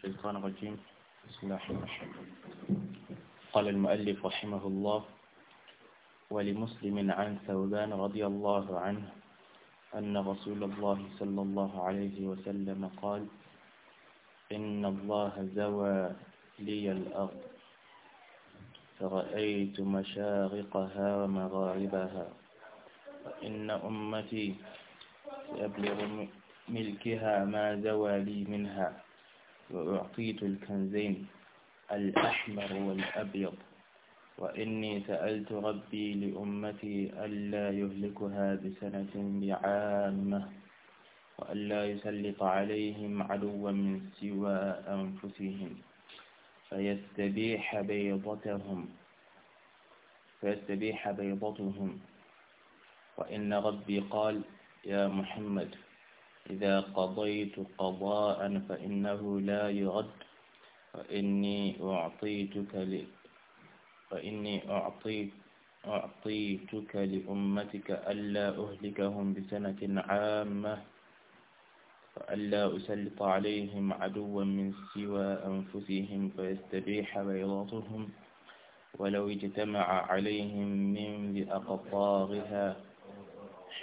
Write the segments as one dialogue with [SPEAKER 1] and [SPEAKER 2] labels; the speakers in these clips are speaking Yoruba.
[SPEAKER 1] الشيطان الرجيم بسم الله الرحمن الرحيم قال المؤلف رحمه الله ولمسلم عن ثوبان رضي الله عنه أن رسول الله صلى الله عليه وسلم قال إن الله زوى لي الأرض فرأيت مشارقها ومغاربها وإن أمتي يبلغ ملكها ما زوى لي منها وأعطيت الكنزين الأحمر والأبيض وإني سألت ربي لأمتي ألا يهلكها بسنة بعامة وألا يسلط عليهم عدوا من سوى أنفسهم فيستبيح بيضتهم فيستبيح بيضتهم وإن ربي قال يا محمد إذا قضيت قضاء فإنه لا يرد فإني أعطيتك ل... فإني أعطيت أعطيتك لأمتك ألا أهلكهم بسنة عامة فألا أسلط عليهم عدوا من سوى أنفسهم فيستبيح بيضاتهم ولو اجتمع عليهم من لأقطارها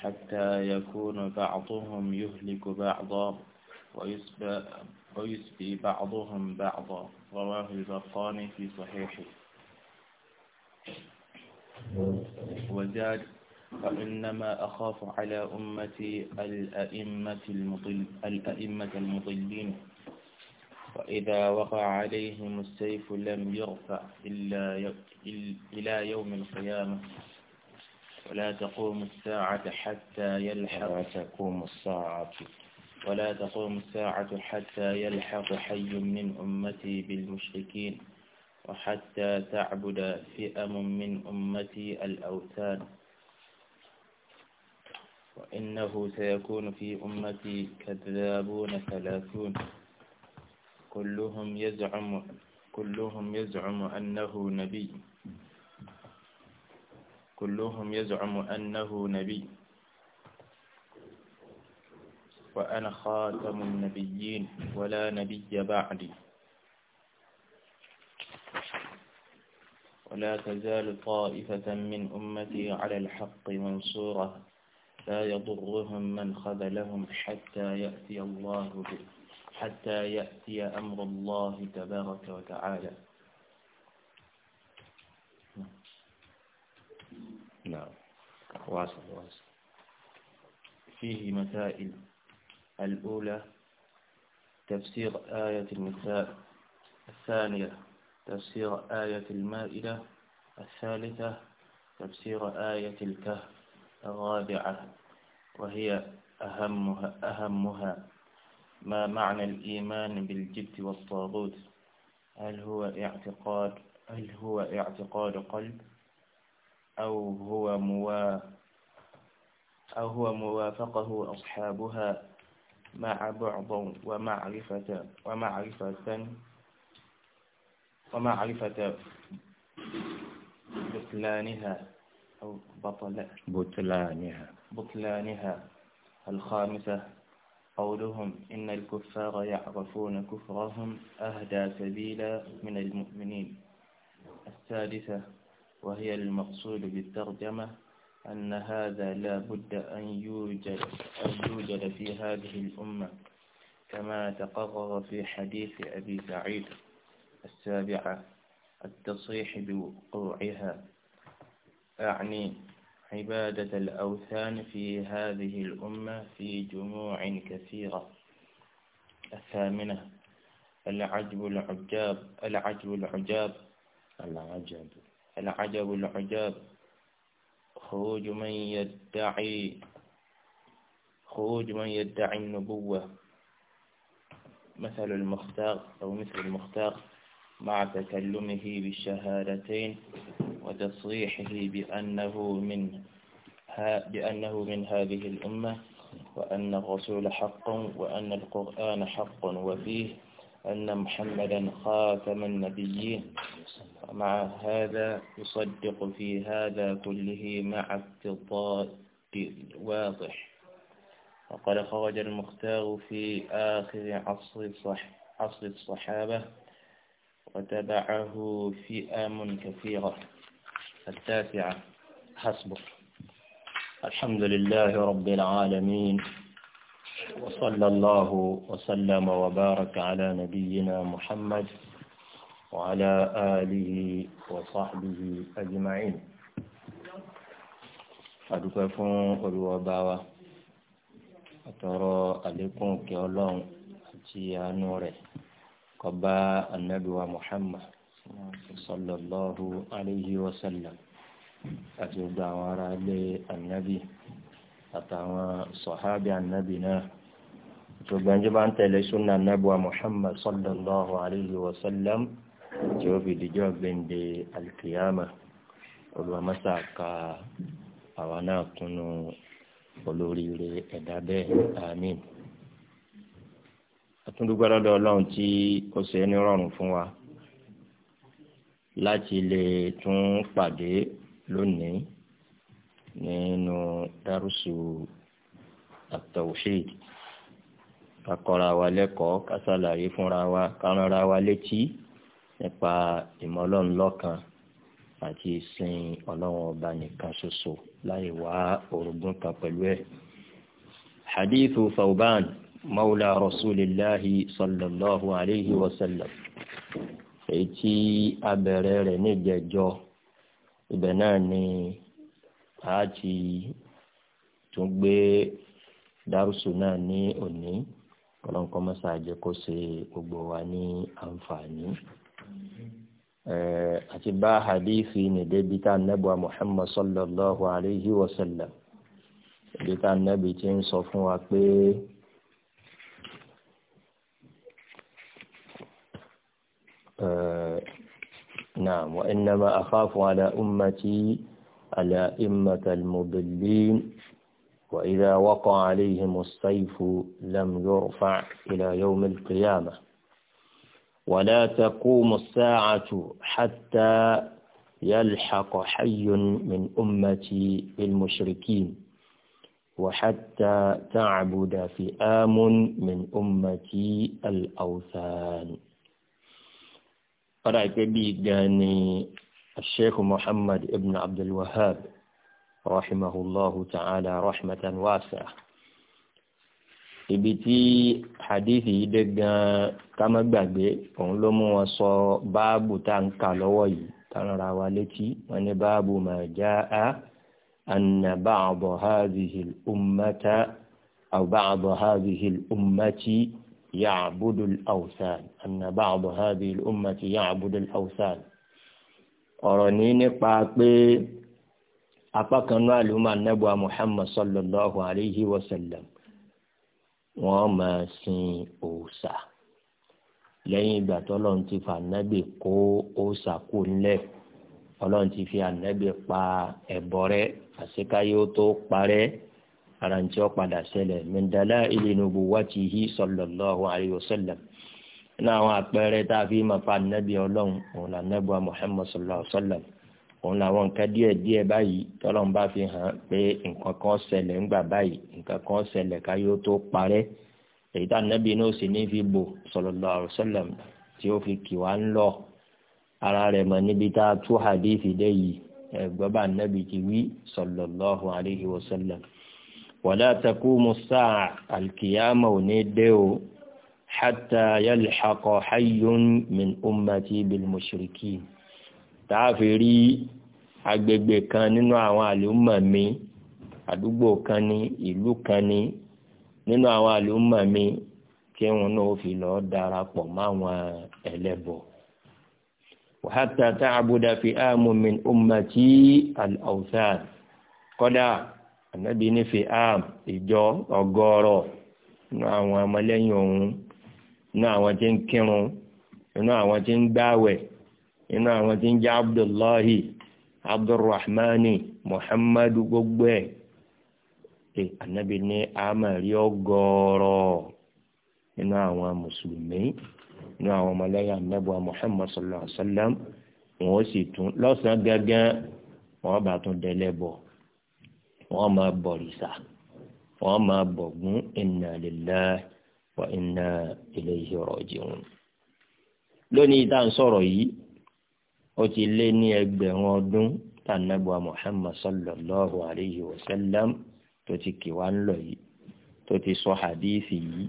[SPEAKER 1] حتى يكون بعضهم يهلك بعضا ويسبي بعضهم بعضا رواه البطاني في صحيحه وزاد فإنما أخاف على أمتي الأئمة, المضل الأئمة المضلين وإذا وقع عليهم السيف لم يرفع إلا, إلا يوم القيامة ولا تقوم الساعة حتى يلحق ولا تقوم الساعة ولا تقوم الساعة حتى يلحق حي من أمتي بالمشركين وحتى تعبد فئم من أمتي الأوثان وإنه سيكون في أمتي كذابون ثلاثون كلهم يزعم كلهم يزعم أنه نبي كلهم يزعم أنه نبي وأنا خاتم النبيين ولا نبي بعدي ولا تزال طائفة من أمتي على الحق منصورة لا يضرهم من خذلهم حتى يأتي الله حتى يأتي أمر الله تبارك وتعالى نعم واصل واصل فيه مسائل الأولى تفسير آية النساء الثانية تفسير آية المائدة الثالثة تفسير آية الكهف الرابعة وهي أهمها, أهمها ما معنى الإيمان بالجبت والطاغوت هل هو اعتقاد هل هو اعتقاد قلب أو هو موا أو هو موافقه أصحابها مع بعض ومعرفة ومعرفة ومعرفة بطلانها أو بطل بطلانها بطلانها الخامسة قولهم إن الكفار يعرفون كفرهم أهدى سبيلا من المؤمنين السادسة وهي المقصود بالترجمة أن هذا لا بد أن يوجد, أن يوجد في هذه الأمة كما تقرر في حديث أبي سعيد السابعة التصريح بوقوعها أعني عبادة الأوثان في هذه الأمة في جموع كثيرة الثامنة العجب العجاب العجب العجاب العجب العجب العجاب خروج من يدعي خروج من يدعي النبوة مثل المختار أو مثل المختار مع تكلمه بالشهادتين وتصريحه بأنه من بأنه من هذه الأمة وأن الرسول حق وأن القرآن حق وفيه أن محمدا خاتم النبيين مع هذا يصدق في هذا كله مع افتضاد واضح وقد خرج المختار في آخر عصر, الصح عصر الصحابة وتبعه فئام كثيرة التاسعة حسبه
[SPEAKER 2] الحمد لله رب العالمين وصلى الله وسلم وبارك على نبينا محمد وعلى آله وصحبه أجمعين adúpẹ́ fún olùwọ́ba wa àtọrọ àlékún kí ọlọ́run àti àánú rẹ̀ kó bá ànábì wa muhammad sallallahu alayhi wa sallam àti gbogbo àwọn ará ilé ànábì àtàwọn sọ̀hábì ànábì náà gbogbo ẹni bá ń tẹ̀lé sunna ànábì wa muhammad sallallahu alayhi wa sallam tí ó fi dijọ́ gbẹ̀ǹde alikiyama olùwàmásà ka àwa náà kunu olóríire ẹ̀dá bẹ́ẹ̀ àmín. àtúndúgbọ́ lọ́dọ̀ ọlọ́run tí ó ṣe ní rọrùn fún wa láti lè tún pàdé lónìí nínú dárúsù àtọ̀wṣèdì kakọra wa lẹ́kọ̀ọ́ kásálàyé fúnra wa kárànra wa létí nípa ìmọ̀ ọlọ́run lọ́kan àti ìsìn ọlọ́run ọba nìkan ṣoṣo láì wá orogún kan pẹ̀lú ẹ̀. hadithu fauban maula rasulillahi sallallahu alayhi wa sallam èyí tí a bẹ̀rẹ̀ rẹ̀ níjẹ̀jọ́ ibẹ̀ náà ni a ti tún gbé dárúsù náà ní òní kọlọ́nkọ́ mọ́sáàjẹ́ kó ṣe gbogbo wa ní àǹfààní. atiba hadithi ní debita tá muhammad sallallahu alayhi wa sallam debita tá nẹ́bi ti ń sọ fún wa pé نعم وإنما أخاف على أمتي الأئمة المضلين وإذا وقع عليهم السيف لم يرفع إلى يوم القيامة ولا تقوم الساعة حتى يلحق حي من أمتي بالمشركين وحتى تعبد فئام من أمتي الأوثان قرأت بيقاني الشيخ محمد ابن عبد الوهاب رحمه الله تعالى رحمة واسعة ibi tí hadithi yìí dé gan-an ká má gbàgbé òun ló mú wọn sọ báàbù tá à ń kà lọ́wọ́ yìí tánra wa létí wọn ní báàbù mà já a anna ba'da hadhihi al-ummata aw ba'da hadhihi al-ummati ya'budu al-awthan anna ba'da hadhihi al-ummati ọ̀rọ̀ ní nípa pé apá kan náà ló máa nẹ́bùa Muhammad sallallahu alayhi wa sallam wọ́n máa sin òòṣà lẹ́yìn ìgbà tó lọ́n ti fa ànábì kó òòṣà kú ńlẹ̀ ọlọ́run ti fi ànábì pa ẹ̀bọ rẹ àṣekáyé ó tó parẹ́ ara ntí ó padà ṣẹlẹ̀ mẹ́ndàlá ìlẹ́nubu wáti hí sallallahu alayhi wa sallam ní àwọn àpẹẹrẹ tá a fi máa fa ànábì ọlọ́run òun là ànábì wa Muhammad sallallahu sallam òun làwọn nǹkan díẹ̀ díẹ̀ báyìí tọ́lọ́n bá fi hàn pé nǹkan kan ṣẹlẹ̀ ńgbà báyìí nǹkan kan ṣẹlẹ̀ káyọ̀ tó parẹ́ èyí tá nàbí náà sì ní fi bò sallallahu alaihi wasallam tí ó fi kì wá ń lọ ara rẹ̀ mọ̀ níbi tá a tú hadithi dé yìí ẹ̀gbọ́n bá nàbí ti wí sallallahu alaihi wasallam wala taqumu as-sa'a al ò ní dé o hatta yalhaqa hayyun min ummati bil mushrikin. tààfi rí agbègbè kan nínú àwọn àlùmọ̀ mi àdúgbò kan ní ìlú kan ní nínú àwọn àlùmọ̀ mi kí wọn náà fi lọ darapọ̀ ma ẹlẹ́bọ. a búdà fi áàmù min ummati kọ́dà ànábì ní fi áàmù ìjọ ọgọ́rọ̀ nínú àwọn ọmọlẹ́yìn òun nínú àwọn tí ń kírun nínú àwọn tí nínú àwọn tí ń jẹ́ abdullahi abdulrahmani muhammadu gbogbo ẹ̀ ẹ anabi ní amari ọgọ́rọ̀ nínú àwọn mùsùlùmí nínú àwọn ọmọlẹ́yìn anabi wa muhammad sallallahu alaihi wa sallam wọ́n sì tún lọ́sàn-án gángan wọ́n bá tún délé bọ̀ wọ́n máa bọ̀rìṣà wọ́n máa bọ̀gún inna lillahi wa inna ilayhi raji'un lónìí tá à ń sọ̀rọ̀ yìí ó ti lé ní ẹgbẹ̀rún ọdún Muhammad sallallahu alayhi wa sallam tó ti kì wá ń lọ yìí tó ti sọ hadithi yìí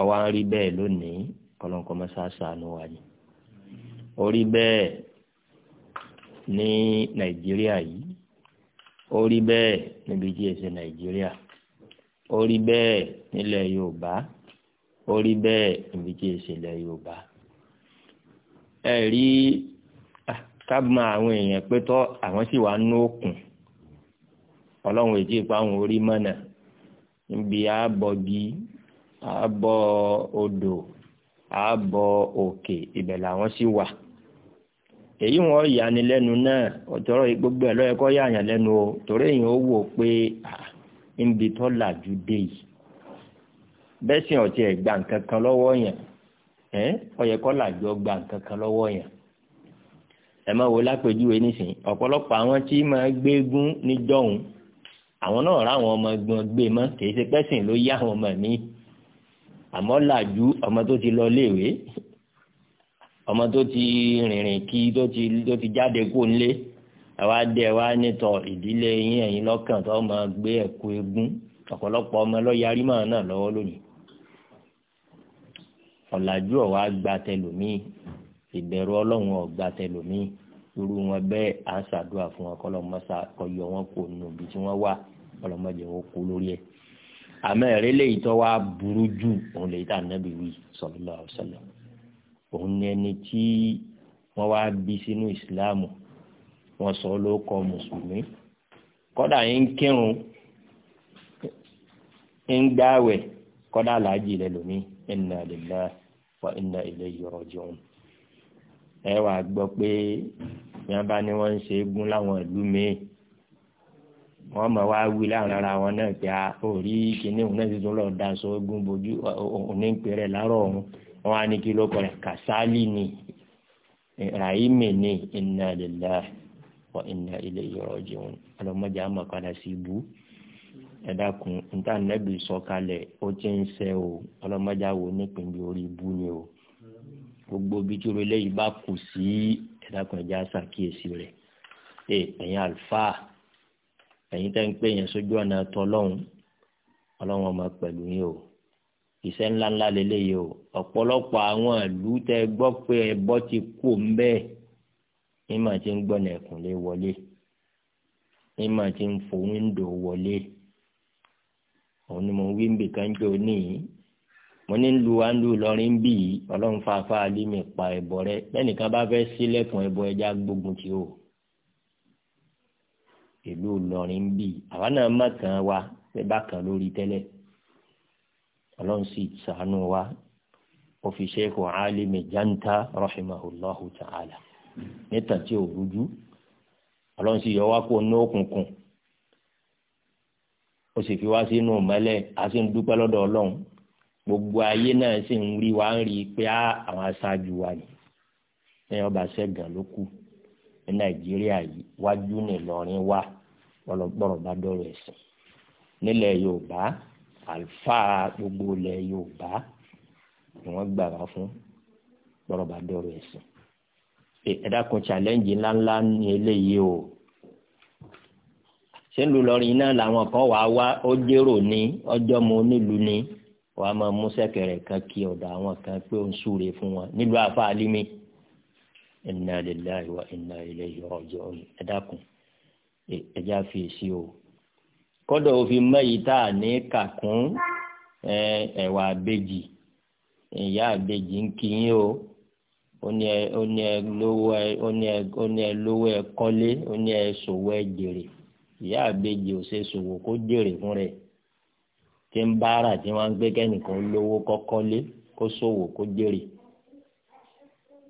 [SPEAKER 2] ọwọ́ ń rí bẹ́ẹ̀ lónìí kọlọ́nkọ́ mọ́sáàsá ló wà ni ó rí bẹ́ẹ̀ ní nàìjíríà yìí ó rí bẹ́ẹ̀ níbi nàìjíríà ó rí bẹ́ẹ̀ nílẹ̀ kábùmọ̀ àwọn èèyàn pé tọ́ àwọn sì wà nú òkun ọlọ́run èjì ìpá àwọn orí mọ́nà níbi àbọ̀gi àbọ̀ odò àbọ̀ òkè ibẹ̀ làwọn sì wà èyí wọn yàní náà ọ̀tọ́rọ̀ gbogbo ẹ̀ lọ́yẹ lẹ́nu o torí èyàn ó wò pé níbi làjú dé yìí bẹ́sìn ọ̀tí ẹ̀ nǹkan kan lọ́wọ́ yẹn ẹ máa wo lápèjúwe nísìnyí ọ̀pọ̀lọpọ̀ àwọn tí máa gbégún níjọ́hun àwọn náà ráwọn ọmọ gbọ́n gbé mọ́ kìí ṣe pẹ́sìn ló yá àwọn ọmọ mi àmọ́ làjú ọmọ tó ti lọ léèwé ọmọ tó ti rìnrìn kí tó ti tó ti jáde kó nlé àwa dé wa nítọ ìdílé yín ẹ̀yin lọ́kàn tó máa gbé ẹ̀kú egún ọ̀pọ̀lọpọ̀ ọmọ lọ́yarí mọ́ náà lọ́wọ́ lónìí ọ̀làjú ọ̀wá gba tẹlòmíì ìbẹ̀rù ọlọ́run ọ̀gbà tẹlòmíì irú wọn bẹ́ẹ̀ á ṣàdúrà fún wọn kọ́lọ́mọ́sá kọyọ wọn kò nù bí tí wọ́n wà kọ́lọ́mọ́jẹ wọn kú lórí ẹ̀ àmọ́ ẹ̀rẹ́ lè tọ́ wá burú jù òun lè tà nẹ́bí wí sallallahu alaihi wasallam òun ni ẹni tí wọ́n wá bí sínú ìsìláàmù wọ́n sọ ló kọ mùsùlùmí kọ́dà yín kírun ń gbáwẹ̀ kọ́dà làájì rẹ lómi inna lillahi wa inna ilayhi raji'un ẹ wàá gbọ́ pé bí wọ́n bá ní wọ́n ń ṣe eégún láwọn ìlú míì wọ́n mọ̀ wá wí láwọn ara wọn náà pé orí kìíní òun náà ti tún lọ́ọ́ daṣọ eégún bojú òní ń pèrè láàárọ̀ ọ̀hún wọ́n á ní kí ló kọ̀ kàṣálì ni rahimi ni inna lillahi wa inna ilayhi raji'un ọlọ́mọdé àmọ̀ padà sí ibú ẹ̀dàkùn níta nẹ́bí sọ̀kalẹ̀ ó ti ń sẹ́ o ọlọ́mọdé àwọn onípínlẹ̀ orí ibú ni o gbogbo bí tí orí eléyìí bá kù sí ẹ̀dákun ẹ̀já ṣàkíyèsí rẹ̀ ee ẹ̀yin àlùfáà ẹ̀yin tẹ́ ń pè yẹn sójú ọ̀nà tọ́lọ́hún ọlọ́run ọmọ pẹ̀lú yín o iṣẹ́ ńláńlá lélẹ́yìí o ọ̀pọ̀lọpọ̀ àwọn ìlú tẹ gbọ́ pé ẹbọ ti kú ńbẹ́ ìmọ̀ tí ń gbọ́nà ẹ̀kúnlé wọlé ìmọ̀ tí ń fò wíńdò wọlé òun ni mo wí ń bìkan jò níyìí mo ní lu wa ń lu lọrin bí yìí ọlọ́run fàáfà alímì pa ẹ̀bọ rẹ bẹ́ẹ̀nìkan bá fẹ́ sílẹ̀kùn ẹ̀bọ ẹja gbógun tí o ìlú lọrin bí àwa náà má kàn wa pé bákan lórí tẹ́lẹ̀ ọlọ́run sì sàánú wa ó fi ṣẹ́kù alímì janta rahimahullahu ta'ala níta tí ò rújú ọlọ́run sì yọ wá kó ní òkùnkùn ó sì fi wá sínú mọ́lẹ̀ a ń dúpẹ́ lọ́dọ̀ ọlọ́run gbogbo ayé náà sì ń rí wa ń rí i pé ah, àwọn aṣáájú wa ni ẹ̀yìn ọba ṣẹ́gàn ló kù ní nàìjíríà yìí wájú ní ìlọrin wa bọ́rọ̀ bá dọ̀rọ̀ ẹ̀sìn nílẹ̀ yorùbá àlùfáà gbogbo ilẹ̀ yorùbá ni wọ́n gbà wá fún bọ́rọ̀ bá dọ̀rọ̀ ẹ̀sìn ẹ dákun challenge ńláńlá ní eléyìí o ṣé ń náà làwọn kan wàá wá ó jérò ní ọjọ́ mo nílùú ni. Ojomoni, wọn a máa mú sẹkẹrẹ kan kí ọ̀dọ̀ àwọn kan pé ó ń súre fún wọn nílùú àfa alimi inna lillahi wa inna ilayhi raji'un ẹ dákun ẹ já fi èsì o kọ́dọ̀ òfin mẹ́yìí tá a ní kàkún ẹ̀wà àbejì ìyá àbejì ń kí yín o ó ní ẹ ó lówó ẹ kọ́lé ó ní ẹ ṣòwò ẹ jèrè ìyá àbejì ò ṣe ṣòwò kó jèrè fún rẹ̀ tí ń bára tí wọ́n ń gbé kẹ́nìkan lówó kọ́kọ́ lé kó ṣòwò kó jèrè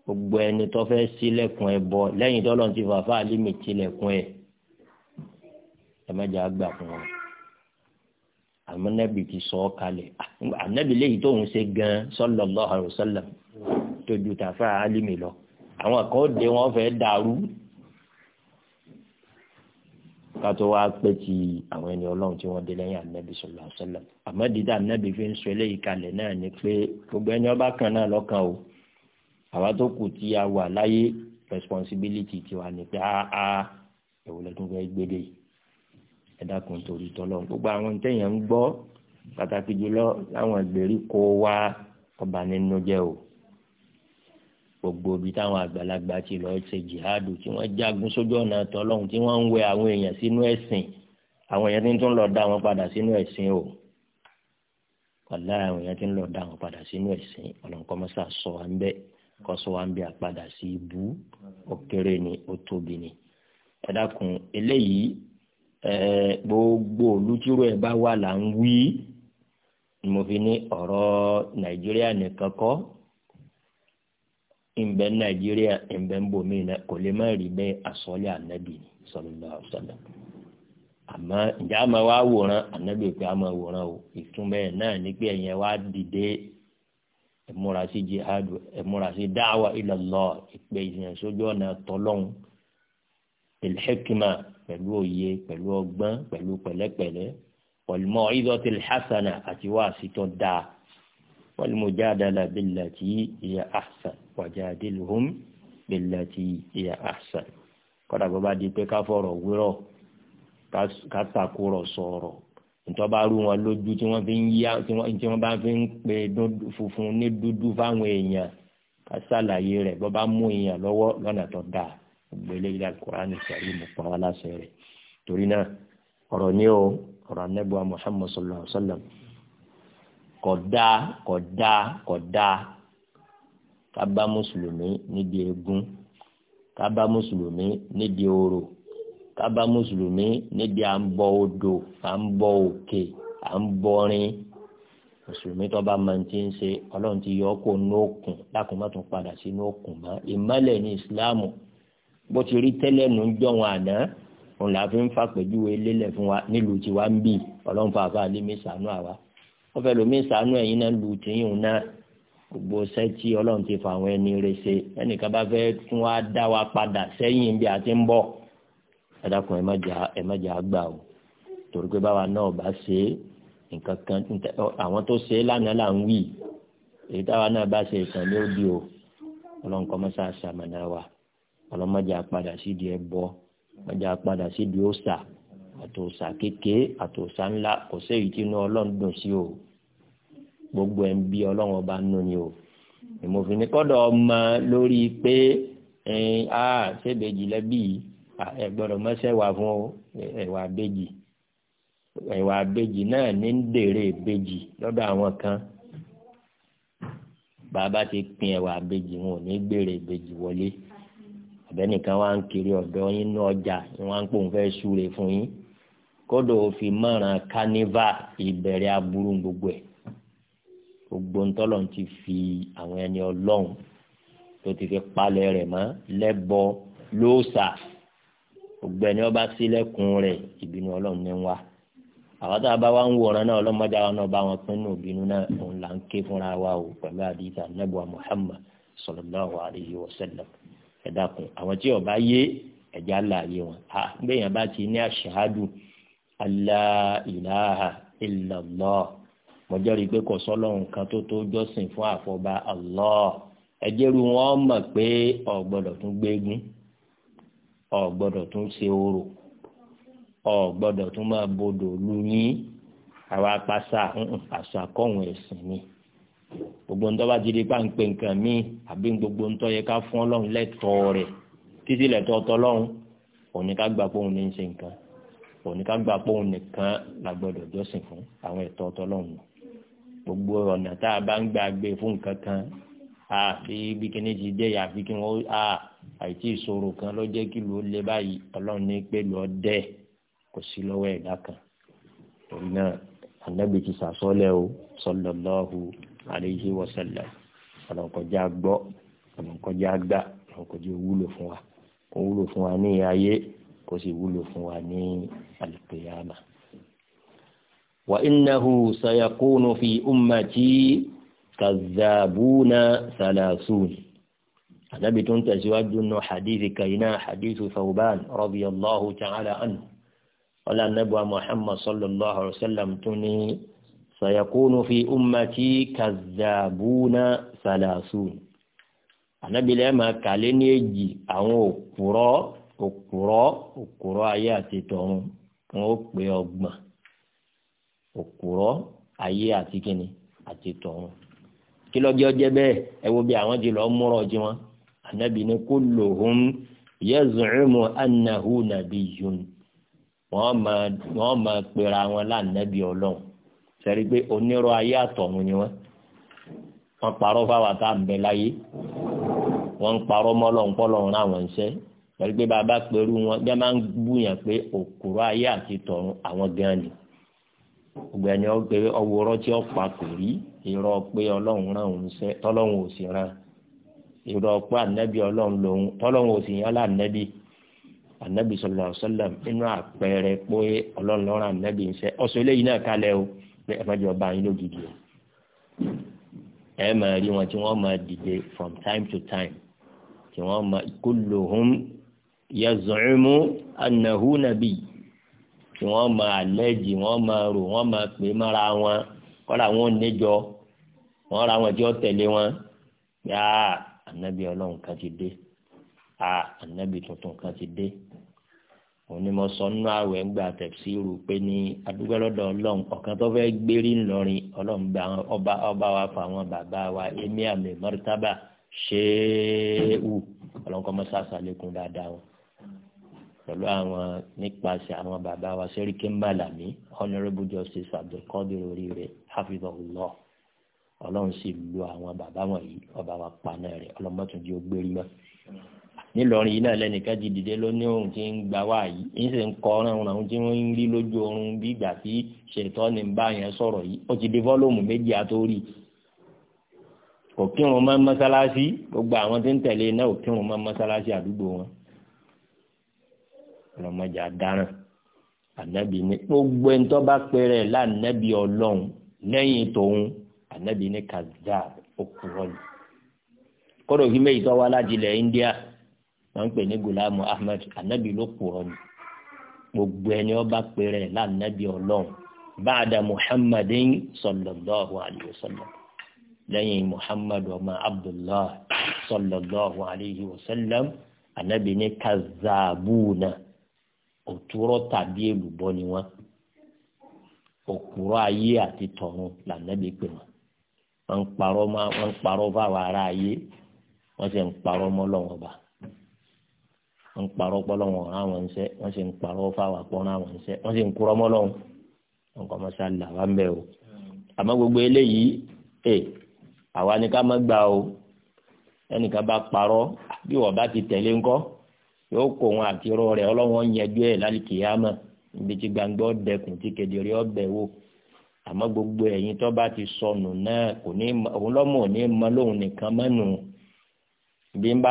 [SPEAKER 2] gbogbo ẹni tó fẹ́ ṣílẹ̀kùn ẹ bọ lẹ́yìn tó lọ́n ti fàfà límì tilẹ̀kùn ẹ ẹ má jà gbà fún wọn àmọ́ nẹ́bì ti sọ ọ́ kalẹ̀ ànẹ́bì léyìí tóun ṣe gan sallallahu alaihi wasallam tójú tàfà alímì lọ àwọn kan ó de wọn fẹ́ dàrú kátó wá pé ti àwọn ẹni ọlọ́run tí wọ́n dé lẹ́yìn anabi sọlá sọlá àmọ́ dídá anabi fi ń sọ eléyìí kalẹ̀ náà ni pé gbogbo ẹni ọba kan náà lọ́kàn o àwa tó kù tí a wà láyé responsibility tiwa ni pé aa èwo lẹ́tún fẹ́ gbélé ẹ dákun torí tọ́lọ́ gbogbo àwọn téèyàn ń gbọ́ pàtàkì jùlọ láwọn ìgbèríko wa ọba nínú jẹ́ o gbogbo ibi táwọn àgbàlagbà ti lọ ṣe jihadu tí wọ́n jagun sójú ọ̀nà tọ́lọ́hún tí wọ́n ń wẹ àwọn èèyàn sínú ẹ̀sìn àwọn èèyàn tí ń tún lọ dá wọn padà sínú ẹ̀sìn o ọ̀la àwọn èèyàn tí ń lọ dá wọn padà sínú ẹ̀sìn ọ̀làǹkọ́mọ́sà sọ wa ń bẹ́ kọ́ sọ wa ń bẹ́ àpadà sí ibú ó kéré ni ó tóbi ni ẹ dákun eléyìí gbogbo olùtúrò ẹ bá wà là ń wí ni mo fi ní ọ̀rọ̀ Nàìjíríà nìkan kọ́ ìbẹ̀ nàìjíríà ìbẹ̀ ń bòmí náà kò lè má rí bẹ́ẹ̀ àsọ́lẹ̀ ànábì ni sallallahu alaihi wasallam àmọ́ ǹjẹ́ a máa wá wòran ànábì pé a máa wòran o ìtumọ̀ ẹ̀ náà ní pé ẹ̀yẹn wá dìde ẹ̀múra sí jihadu ẹ̀múra sí dáwà ila Allah ìpè ìyẹn sójú ọ̀nà tọ́lọ́hún tìlẹ́kìmà pẹ̀lú òye pẹ̀lú ọgbọ́n pẹ̀lú pẹ̀lẹ́pẹ̀lẹ́ pọ̀lùmọ́ ìdọ̀tìl hasana àti wáàsítọ́ dáa wal mujadala billati hiya ahsan wajadilhum billati hiya ahsan kọ́dà bó bá di pé ká fọ̀rọ̀ wérọ̀ ká takùrọ̀ sọ̀rọ̀ ntọ́ba rú wọn lójú tí wọ́n fi ń yá tí wọ́n bá fi ń pe funfun ní dúdú fáwọn èèyàn ká sàlàyé rẹ̀ bó bá mú èèyàn lọ́wọ́ lọ́nà tó dáa gbélé ilé alukur'an sẹ́yìn mo pa wá rẹ̀ torí náà ọ̀rọ̀ ní o ọ̀rọ̀ anábìwá muhammad sallallahu alayhi wa sallam kódà kódà kódà ká bá mùsùlùmí níbi eégún ká bá mùsùlùmí níbi orò ká bá mùsùlùmí níbi à ń bọ odò à ń bọ òkè à ń bọrin mùsùlùmí tó bá máa ti ń ṣe ọlọ́run ti yọ ọ́ kó nú òkun lákùn má tún padà sínú òkun mọ́ ìmọ́lẹ̀ ní ìsìláàmù bó ti rí tẹ́lẹ̀ nù ń jọ̀wọ́n àná òun là fi ń fàpèjúwe lélẹ̀ fún wa nílùú tiwa ń bì ọlọ́run fàáfàá lé mi sànú àwa wọ́n fẹ́ lómi sànú ẹ̀yin náà lù tìyìn náà gbogbo sẹ́tì ọlọ́run ti fa àwọn ẹni rẹ ṣe ẹnìkan bá fẹ́ tún wá dá wa padà sẹ́yìn bí a ti ń bọ̀ ẹ dákun ẹ mọ̀jà ẹ mọ̀jà gbà o torí pé báwa náà bá ṣe é nǹkan kan àwọn tó ṣe é lánàá là ń wí èyí táwa náà bá ṣe ìtàn ló di o ọlọ́run kọ́ mọ́sá ṣàmànà wa ọlọ́run mọ̀jà padà sídìí ẹ bọ́ mọ̀jà padà sídìí ó sà àtòsà kékeré àtòsà ńlá kò séyìí tí inú ọlọ́run dùn sí o gbogbo ẹ̀ ń bí ọlọ́run ọba nù ni o ìmọ̀fin ni kọ́dọ̀ ọmọ lórí pé a ṣèbejì lẹ́bí ẹ gbọ́dọ̀ mọ́ṣẹ́ wà fún ẹ̀wà bejì ẹ̀wà bejì náà ní ń dèrè bejì lọ́dọ̀ àwọn kan bàbá ti pin ẹ̀wà bejì wọn ò ní gbèrè bejì wọlé àbẹ́nìkan wá ń kiri ọ̀dọ́ yín ní ọjà wọ́n ń pòun fẹ́ súre fún yín kọ́dọ̀ òfin mọ́ràn kánífà ìbẹ̀rẹ̀ aburú gbogbo ẹ̀ gbogbo ntọ́lọ̀ ti fi àwọn ẹni ọlọ́run tó ti fi palẹ̀ rẹ̀ mọ́ lẹ́bọ lóòsà gbogbo ẹni ọba sílẹ̀kùn rẹ̀ ìbínú ọlọ́run ní wa àwọn tá a bá wá ń wòran náà ọlọ́mọdé àwọn náà bá wọn pinnu ìbínú náà òun là ń ké fúnra wa o pẹ̀lú àdìsá nẹ́bùà Muhammad sallallahu alayhi wa sallam ẹ àwọn tí ọba yé ẹ̀já láàyè wọn a gbẹ̀yìn bá ti ní ashahadu alla ilaha mo jẹ́rìí pé kò sọ́lọ́run kan tó tó jọ́sìn fún àfọ̀bá Allah ẹjẹ́rú wọn mọ̀ pé ò gbọ́dọ̀ tún gbégún ò gbọ́dọ̀ tún ṣe orò ò gbọ́dọ̀ tún máa bodò lu yín àwa pàṣà àṣà kọ̀wọ̀n ẹ̀sìn ni gbogbo ń tọ́ba jíde pa ń pe nǹkan míì àbí gbogbo ń tọ́ yẹ ká fún ọlọ́run lẹ́tọ̀ọ́ rẹ̀ títí lẹ́tọ̀ọ́ tọ́lọ́run òní ká gbà pé òun ní í ṣe nǹkan òní ká gbà pé òun nìkan la gbọ́dọ̀ jọ́sìn fún àwọn ẹ̀tọ́ tọ́lọ́run náà gbogbo ọ̀nà tá a bá ń gbà gbé fún nǹkan kan àfi bí kíní ti dé àfi kí wọ́n a àìtí ìṣòro kan ló jẹ́ kí ló lé báyìí ọlọ́run ní pé lọ́ọ́ dẹ́ kò sí lọ́wọ́ ẹ̀dá kan torí náà ànábì ti sàsọ́lẹ̀ o sallallahu alayhi wa sallam ọ̀nàkọjá gbọ́ ọ̀nàkọjá gbà ọ̀nàkọjá wúlò fún wa kò wúlò fún wa ní ayé kò sì wúlò fún wa ní àlùkìyámà. وإنه سيكون في أمتي كذابون ثلاثون النبي تنتزوج أنه حديث كينا حديث ثوبان رضي الله تعالى عنه ولا النبوة محمد صلى الله عليه وسلم تني سيكون في أمتي كذابون ثلاثون النبي لما كالين يجي أو أكرا أكرا أكرا ياتي تون أكرا òkúrọ́ ayé àti kíni àti tọ̀run kí lọ́jọ́ jẹ́ bẹ́ẹ̀ ẹ wo bí àwọn jùlọ múrọ̀ jí wọn ànábì ní kulluhum yaz'umu annahu nabiyyun wọ́n máa wọ́n máa pera wọn lánàbì ọlọ́run sẹ́rí pé onírọ̀ ayé àtọ̀run ni wọ́n wọ́n parọ́ fáwọn tá à ń bẹ láyé wọ́n ń parọ́ mọ́lọ́run pọ́lọ́run ráwọn iṣẹ́ sẹ́rí pé bàbá pẹ̀lú wọn bí wọ́n máa ń búyàn pé òkúrọ̀ ayé àti tọ̀run àwọn gan ni ọgbẹni ọgbẹ ọwọrọ tí ọpa kò rí irọ́ pé Ọlọ́run rán òun ṣẹ́ tọlọ́run ò sì rán irọ́ pé ànábì Ọlọ́run lòun tọlọ́run ò sì sọlọm àpẹẹrẹ pé Ọlọ́run rán ọsọ eléyìí náà kalẹ̀ o pé ẹ mọjọ bá tí wọ́n máa àlẹ́jì wọ́n máa rò wọ́n máa pè é mọ́ra wọn kọ́ra wọn ò níjọ wọ́n ra wọn tí ó tẹ̀lé wọn yá ànábì ọlọ́run kan ti dé a ànábì tuntun kan ti dé òun ni mo sọ nínú àwẹ̀ ńgbà tẹ̀sí rú pé ní adúgbò lọ́dọ̀ ọlọ́run ọ̀kan tó fẹ́ gbérí ńlọrin ọlọ́run gba ọba ọba wa fún àwọn bàbá wa emir amir mọ́rítàbà ṣééwù ọlọ́run kọ́ mọ́ sàṣà lẹ́kùn dáadáa wọn pẹ̀lú àwọn nípasẹ̀ àwọn bàbá wa sẹ́ríkì mbàlámì honourable justice abdulkadir oríire hafizahullah ọlọ́run sì lu àwọn bàbá wọ̀nyí ọba wa paná rẹ̀ ọlọ́mọtúndì ó gbérí mọ́ nílọrin yìí náà lẹ́nìkan ti dìde lóní òun ti ń gba wá yìí ń sì ń kọ ọ̀ràn òun tí wọ́n ń rí lójú oorun bí ìgbà tí ṣètọ́ ni bá yẹn sọ̀rọ̀ yìí ó ti di fọ́lọ́mù méjì àtórí kò kírun mọ́ mọ́sálásí gbogbo àwọn tí ń tẹ̀lé náà ò kírun mọ́ mọ́sálásí àdúgbò wọn ọlọmọdé adaràn ànábì ní gbogbo ẹni tó bá pèrè lánàbì ọlọ́run lẹ́yìn tòun ànábì ní kàdá òkúrọlù kọdọ fi méjì tó wá láti ilẹ̀ India wọn ń pè ní gulamu Ahmed ànábì ló kúrọlù gbogbo ẹni ó bá pèrè lánàbì báàdà Muhammadin sallallahu alayhi wa sallam lẹ́yìn Muhammad ọmọ Abdullah sallallahu alayhi wa sallam ànábì ní kazabuna òtúrọ tàbí èlùbọ́ ni wọ́n òkúrọ ayé àti tọ̀run lànàbí pè wọn wọ́n ń parọ́ má wọ́n ń parọ́ fáwọn ará ayé wọ́n sì ń parọ́ mọ́lọ́wọ́n bá wọ́n ń parọ́ pọ́lọ́wọ́n ọ̀rá wọn ṣẹ́ wọ́n sì ń parọ́ fáwọn àpọ́nrá wọn ṣẹ́ wọ́n sì ń kúrọ́ mọ́lọ́wọ́n wọ́n kọ́ mọ́sá là wá ń bẹ̀ o àmọ́ gbogbo eléyìí ẹ àwa ni ká má gbà o ẹnìkan bá parọ́ bí wọ́n bá ti tẹ̀lé ńkọ́ yóò kó wọn àti rọ rẹ ọlọ́wọ́n yẹjọ́ ẹ̀ lálìkìyàmọ̀ níbi tí gbàngbọ́ dẹkùn tí kedere ọbẹ̀ wò gbogbo ẹ̀yin tó bá ti sọnù náà kò ní òun lọ́mọ ò ní mọ lóun nìkan bí o bí n bá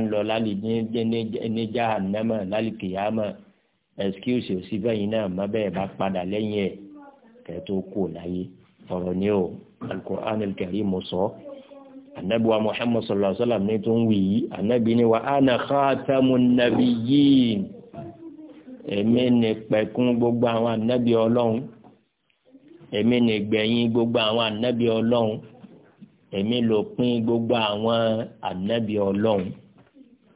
[SPEAKER 2] ń lọ ò sí bẹ́yìn náà bẹ́ẹ̀ bá padà lẹ́yìn ẹ̀ kẹ́ẹ́ ni anabiwa muhammad sallallahu alaihi wa sallam ní tó ń wí yìí anabi ni wa ana khatamun nabiyyin èmi ni pẹ̀kún gbogbo àwọn anabi ọlọ́run èmi ni gbẹ̀yìn gbogbo àwọn anabi ọlọ́run èmi lòpin gbogbo àwọn anabi ọlọ́run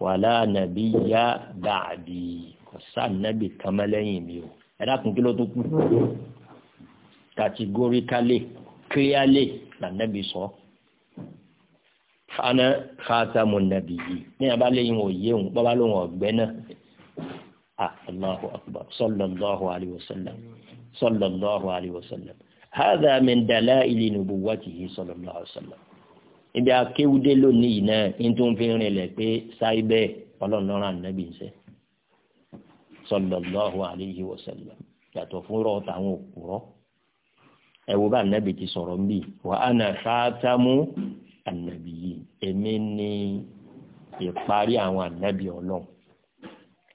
[SPEAKER 2] wàlá nàbí yá bàbí kò sá nàbí kàmá mi o ẹ dákun kí ló tó kù kàtìgóríkálẹ̀ kíríálẹ̀ lànàbí sọ. So ana khatamu nabiyyi ní abá lẹ́yìn wò yé òun bọ́bá lóun ọ̀gbẹ́ náà ah allahu akbar sallallahu alayhi wa sallam sallallahu alayhi wa sallam hadha min dalaili nubuwwatihi sallallahu alayhi wa sallam ibi akéwúdé lónìí náà ní tó ń fi rinlẹ̀ pé sáíbẹ̀ ọlọ́nà nàbì ń sẹ́ sallallahu alayhi wa sallam yàtọ̀ fún rọ táwọn òkúrọ́ ẹ bá nàbì ti sọ̀rọ̀ ń wa ana khatamu ànàbì yìí èmi ní ìparí àwọn ànàbì ọlọ́run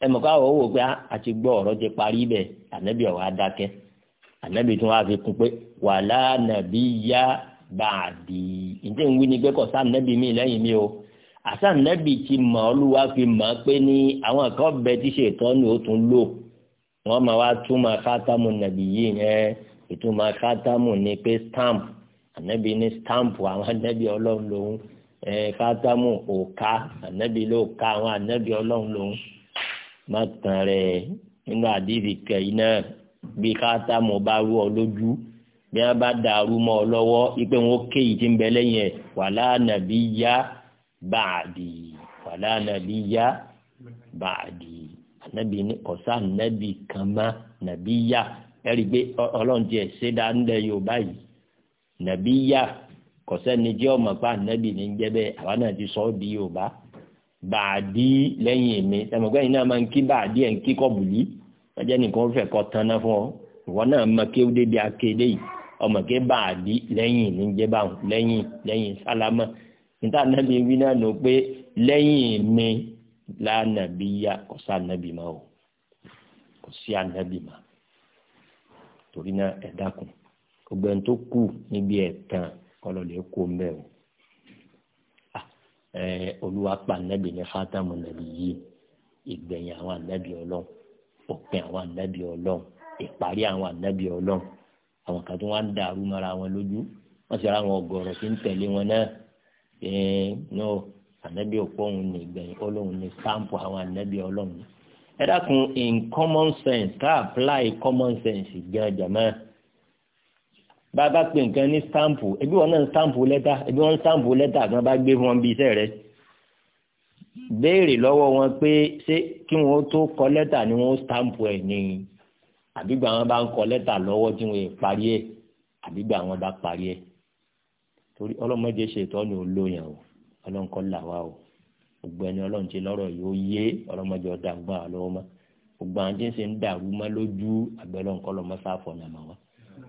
[SPEAKER 2] ẹ mọ̀ káwọ́ wò pé ah, a ti gbọ́ ọ̀rọ̀ ti parí bẹ́ẹ̀ ànàbì ọ̀wá dákẹ́ ànàbì tí wọ́n á fi kún pé wàlá ànàbì yá bàdì ǹjẹ́ ń wí ni pé kò sá ànàbì mi lẹ́yìn mi o àṣà ànàbì ti mọ̀ olúwa fi mọ̀ pé ní àwọn kan bẹ tí ṣètọ́ ni ó tún lò wọ́n máa wá túmọ̀ kátámù nàbì yìí ẹ ìtumọ̀ kátámù ni pé stamp ànábì ní stampu àwọn ànábì ọlọ́run lòun ẹ̀ẹ́ kátámù òka ànábì ló ka àwọn ànábì ọlọ́run lòun má tàn rẹ̀ nínú àdìsí kẹ́yìn náà bí kátámù bá rú ọ lójú bí wọn bá dàrú mọ́ ọ lọ́wọ́ ipe wọn ké yìí ti ń bẹ lẹ́yìn ẹ wàlá nàbí yá báàdì wàlá nàbí yá báàdì ànábì ní ọ̀sá ànábì kan má nàbí yá ẹ rí i pé ọlọ́run tiẹ̀ ṣé dáa ń lẹ yorùbá nàbí yá kọ̀sẹ́ni jẹ́ ọmọ pa nàbí ní jẹ́ bẹ́ẹ̀ sọ di yorùbá bàdí lẹ́yìn mi tẹmọ̀gbẹ́ yìí náà máa ń kí bàdí ẹ ń kí kọ̀bùlí nìkan fẹ́ kọ́ tán fún ọ ìwọ náà mọ akéde yìí ọmọ ké bàdí báwọn sálámà níta nàbí wí náà nù o kò sí ma torí gbogbo ẹni tó kù níbi ẹ̀tàn ọlọ́lẹ̀ kó mbẹ́ o ah, ẹ olúwa pa nẹ́bì ní fátàmù nẹ́bì yìí ìgbẹ̀yìn àwọn ànábì ọlọ́run òpin àwọn ànábì ọlọ́run ìparí àwọn ànábì ọlọ́run àwọn kan tó wá ń dàrú mọ́ra wọn lójú wọ́n sì ra àwọn ọ̀gọ̀rọ̀ tí ń tẹ̀lé wọn náà ẹ̀ náà ànábì òpó òun ní ìgbẹ̀yìn ọlọ́run ní sáǹpù àwọn ànábì ọlọ́run ẹ dákun in common sense ká apply common sense gan jàmáà bàbá pè nǹkan ní stampu ebi wọn náà stampu lẹ́tà ebi wọn stampu lẹ́tà kan bá gbé fún wọn bí iṣẹ́ rẹ béèrè lọ́wọ́ wọn pé ṣé kí wọn tó kọ lẹ́tà ni wọn stampu ẹ̀ ní àbígbà wọn bá ń kọ lẹ́tà lọ́wọ́ tí wọn parí ẹ̀ àbígbà wọn bá parí ẹ̀ torí ọlọ́mọdé ṣètọ́ ni olóyàn o ọlọ́nkọ́ là wá o gbogbo ẹni ọlọ́run ti lọ́rọ̀ yóò yé ọlọ́mọdé ọ̀dà gbọ́n àlọ́wọ́ mọ́ gbogbo àwọn tí ń ṣe ń dàrú mọ́ lójú àgbẹ̀lọ́nkọ́ lọ́mọ sáfọ̀ nàmọ́ wọn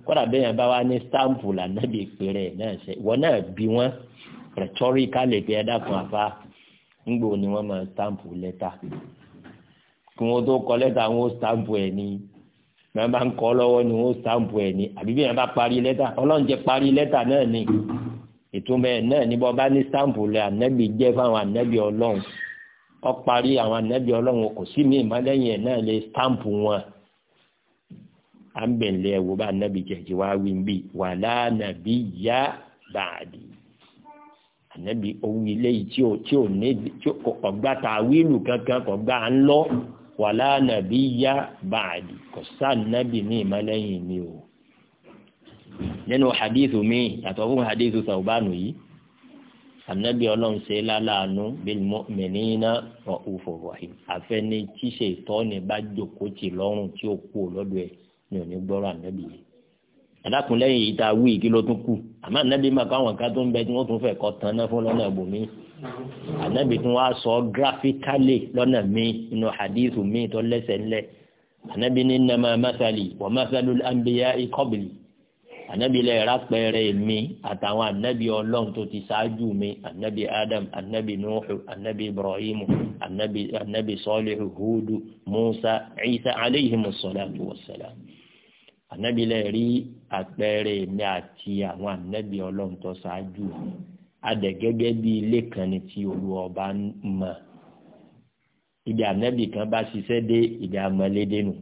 [SPEAKER 2] kódà bẹ́yàn bá wá ní stampu lànàbì péré náà ṣe wọ́n náà bí wọ́n rhetorically pé ẹ̀dá kan àfa ńgbò ni wọ́n máa stampu lẹ́tà kí wọ́n tó kọ lẹ́tà wọ́n stampu ẹ̀ ní wọ́n bá ń kọ́ lọ́wọ́ ni wọ́n stampu ẹ̀ ní àbí bẹ́yàn bá parí lẹ́tà ọlọ́run jẹ́ parí lẹ́tà náà ni ìtumọ̀ ẹ̀ náà ni bọ́ bá ní stampu lẹ́ ànàbì jẹ́ fáwọn ànàbì ọlọ́run ọ parí àwọn ànàbì stampu wọn à ń bẹ̀lẹ̀ ẹ̀wò bá nàbì jẹ̀jẹ̀ wá wí ń bì wà lánàbí yá bàdì ànábì ohun ilé yìí tí ò tí ò ní tí kò gbá ta wíìlù kankan kò gbá ń lọ wà lánàbí yá bàdì kò sá ní ìmọ̀lẹ́yìn mi o nínú hadithu mi yàtọ̀ fún hadithu sàwùbánu yìí anabi ọlọ́run ṣe láláàánú bil mu'minina ra'ufur rahim àfẹ́ni tíṣe ìtọ́ni bá jòkó tì lọ́rùn tí ó kú lọ́dọ̀ ẹ̀ mi ò ní gbọ́rọ̀ ànábì yìí adákùnlẹ́yìn yìí tá a wí kí ló tún kù àmọ́ ànábì máa káwọn ká tó ń bẹ tí wọ́n tún fẹ́ kọ́ tán náà fún lọ́nà ìbòmí ànábì tún wá sọ gráfíkálì lọ́nà mi inú hadithu mi tó lẹ́sẹ̀ ńlẹ̀ ànábì ní nàmà masali wà masalu anbiya ikọ́bìlì ànábì lè ra mi àtàwọn ànábì ọlọ́run tó ti ṣáájú mi ànábì adam ànábì nuhu ànábì ibrahim ànábì ànábì sọ́lih hudu musa isa aleyhimu salatu wa salam ànábì lè rí àpẹẹrẹ èmi àti àwọn ànábì ọlọ́run tó ṣáájú mi adẹ gẹ́gẹ́ bí ilé kan ni tí olúwa ọba mọ̀ ibi ànábì kan bá ṣiṣẹ́ dé ibi amọ̀lédè nù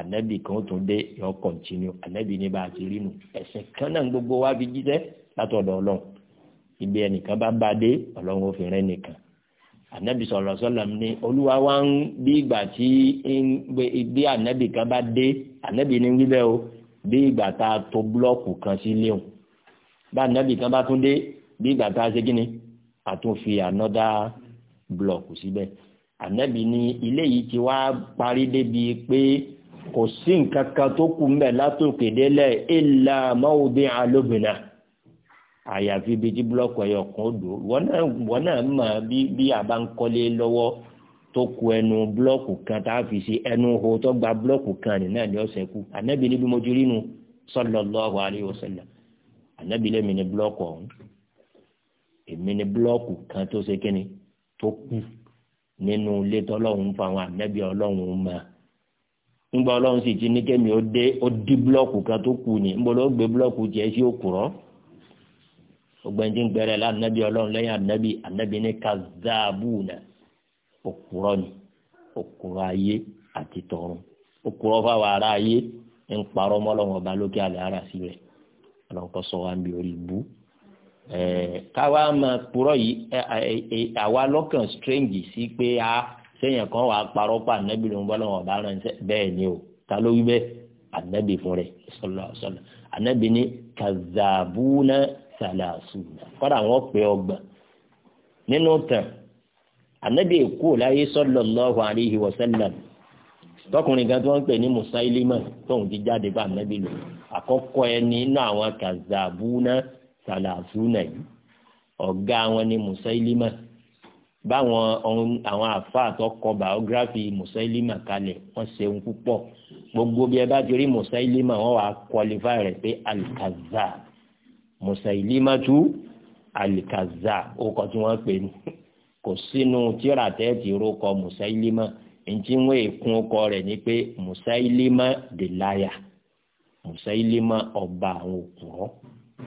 [SPEAKER 2] ànábì kan tún dé yọ kọ̀ntínú ànábì ní bá a ti rí nù ẹ̀sìn kan náà gbogbo wa fi jíṣẹ́ látọ̀dọ̀ ọlọ́run ibi ẹnìkan bá bá dé ọlọ́run ó fi rẹ́ nìkan ànábì sọ̀rọ̀ sọ́lá ní olúwa wa ń bí ìgbà tí bí ànábì kan bá dé ànábì ní wíbẹ̀ o bí ìgbà tá a tó búlọ́ọ̀kù kan sí ilé o bá ànábì kan bá tún dé bí ìgbà tá a ṣe kí ni a tún fi ànọ́dá búlọ́ọ̀kù síbẹ̀ ànábì ní ilé yìí ti wá parí débi pé kò sí nǹkan kan tó kù mbẹ látòkè délẹ̀ ìlà mọ́wùdí alóbìnà àyàfi bíi tí búlọ́ọ̀kù ẹ̀yọ̀ kan dò wọ́n náà mọ̀ bí àbá ń kọ́lé lọ́wọ́ tó ku ẹnu búlọ́ọ̀kù kan tá a fi ṣe ẹnu ho tó gba búlọ́ọ̀kù kan ní náà ní ọ̀sẹ̀ kù ànábì níbi mo jírí nu sallallahu alaihi wasallam ànábì lẹ́mi ní búlọ́ọ̀kù ọ̀hún èmi ní búlọ́ọ̀kù kan tó ṣe kíni tó kù nínú ilé tọ́lọ́hún fún àwọn nígbà sì ti ní ó dé ó kan tó gbé sí òkúrọ́ ni òkúrọ́ ayé àti tọ̀run òkúrọ́ fáwọn ará ayé ń parọ́ mọ́lọ́wọ́n ọba lókè àlẹ́ ara sí rẹ̀ ọlọ́nkọ́ sọ wa ń bi orí ibú káwa máa purọ́ yìí àwa lọ́kàn strange sí pé a sẹ́yìn kan wà á pa ànábì ló ń bọ́ lọ́wọ́ ọba ránṣẹ́ ni o ta ló wí bẹ́ẹ̀ ànábì fún rẹ̀ sọlọ sọlọ ànábì ní kazabuna salasuna kọ́dà wọ́n pè ọgbà nínú tàn ànábì èkó láyé sallallahu alayhi wa sallam tọkùnrin kan tí wọ́n ń pè ní Musailima tóun ti jáde bá ànábì lò àkọ́kọ́ ẹni inú àwọn kazabuna sàlàsúnà yìí ọ̀gá wọn ni Musailima báwọn àwọn àfáà tó kọ biography Musailima kalẹ̀ wọ́n ṣeun púpọ̀ gbogbo bí ẹ bá ti rí Musailima wọ́n wàá qualify rẹ̀ pé alikaza Musailima tú alikaza ó kọ́ tí wọ́n pè ní kò sínú tíra tẹ́ẹ̀tì orúkọ Musailima ntí wọ́n èkún ọkọ rẹ̀ ni pé Musailima the liar Musailima ọba àwọn òpùrọ́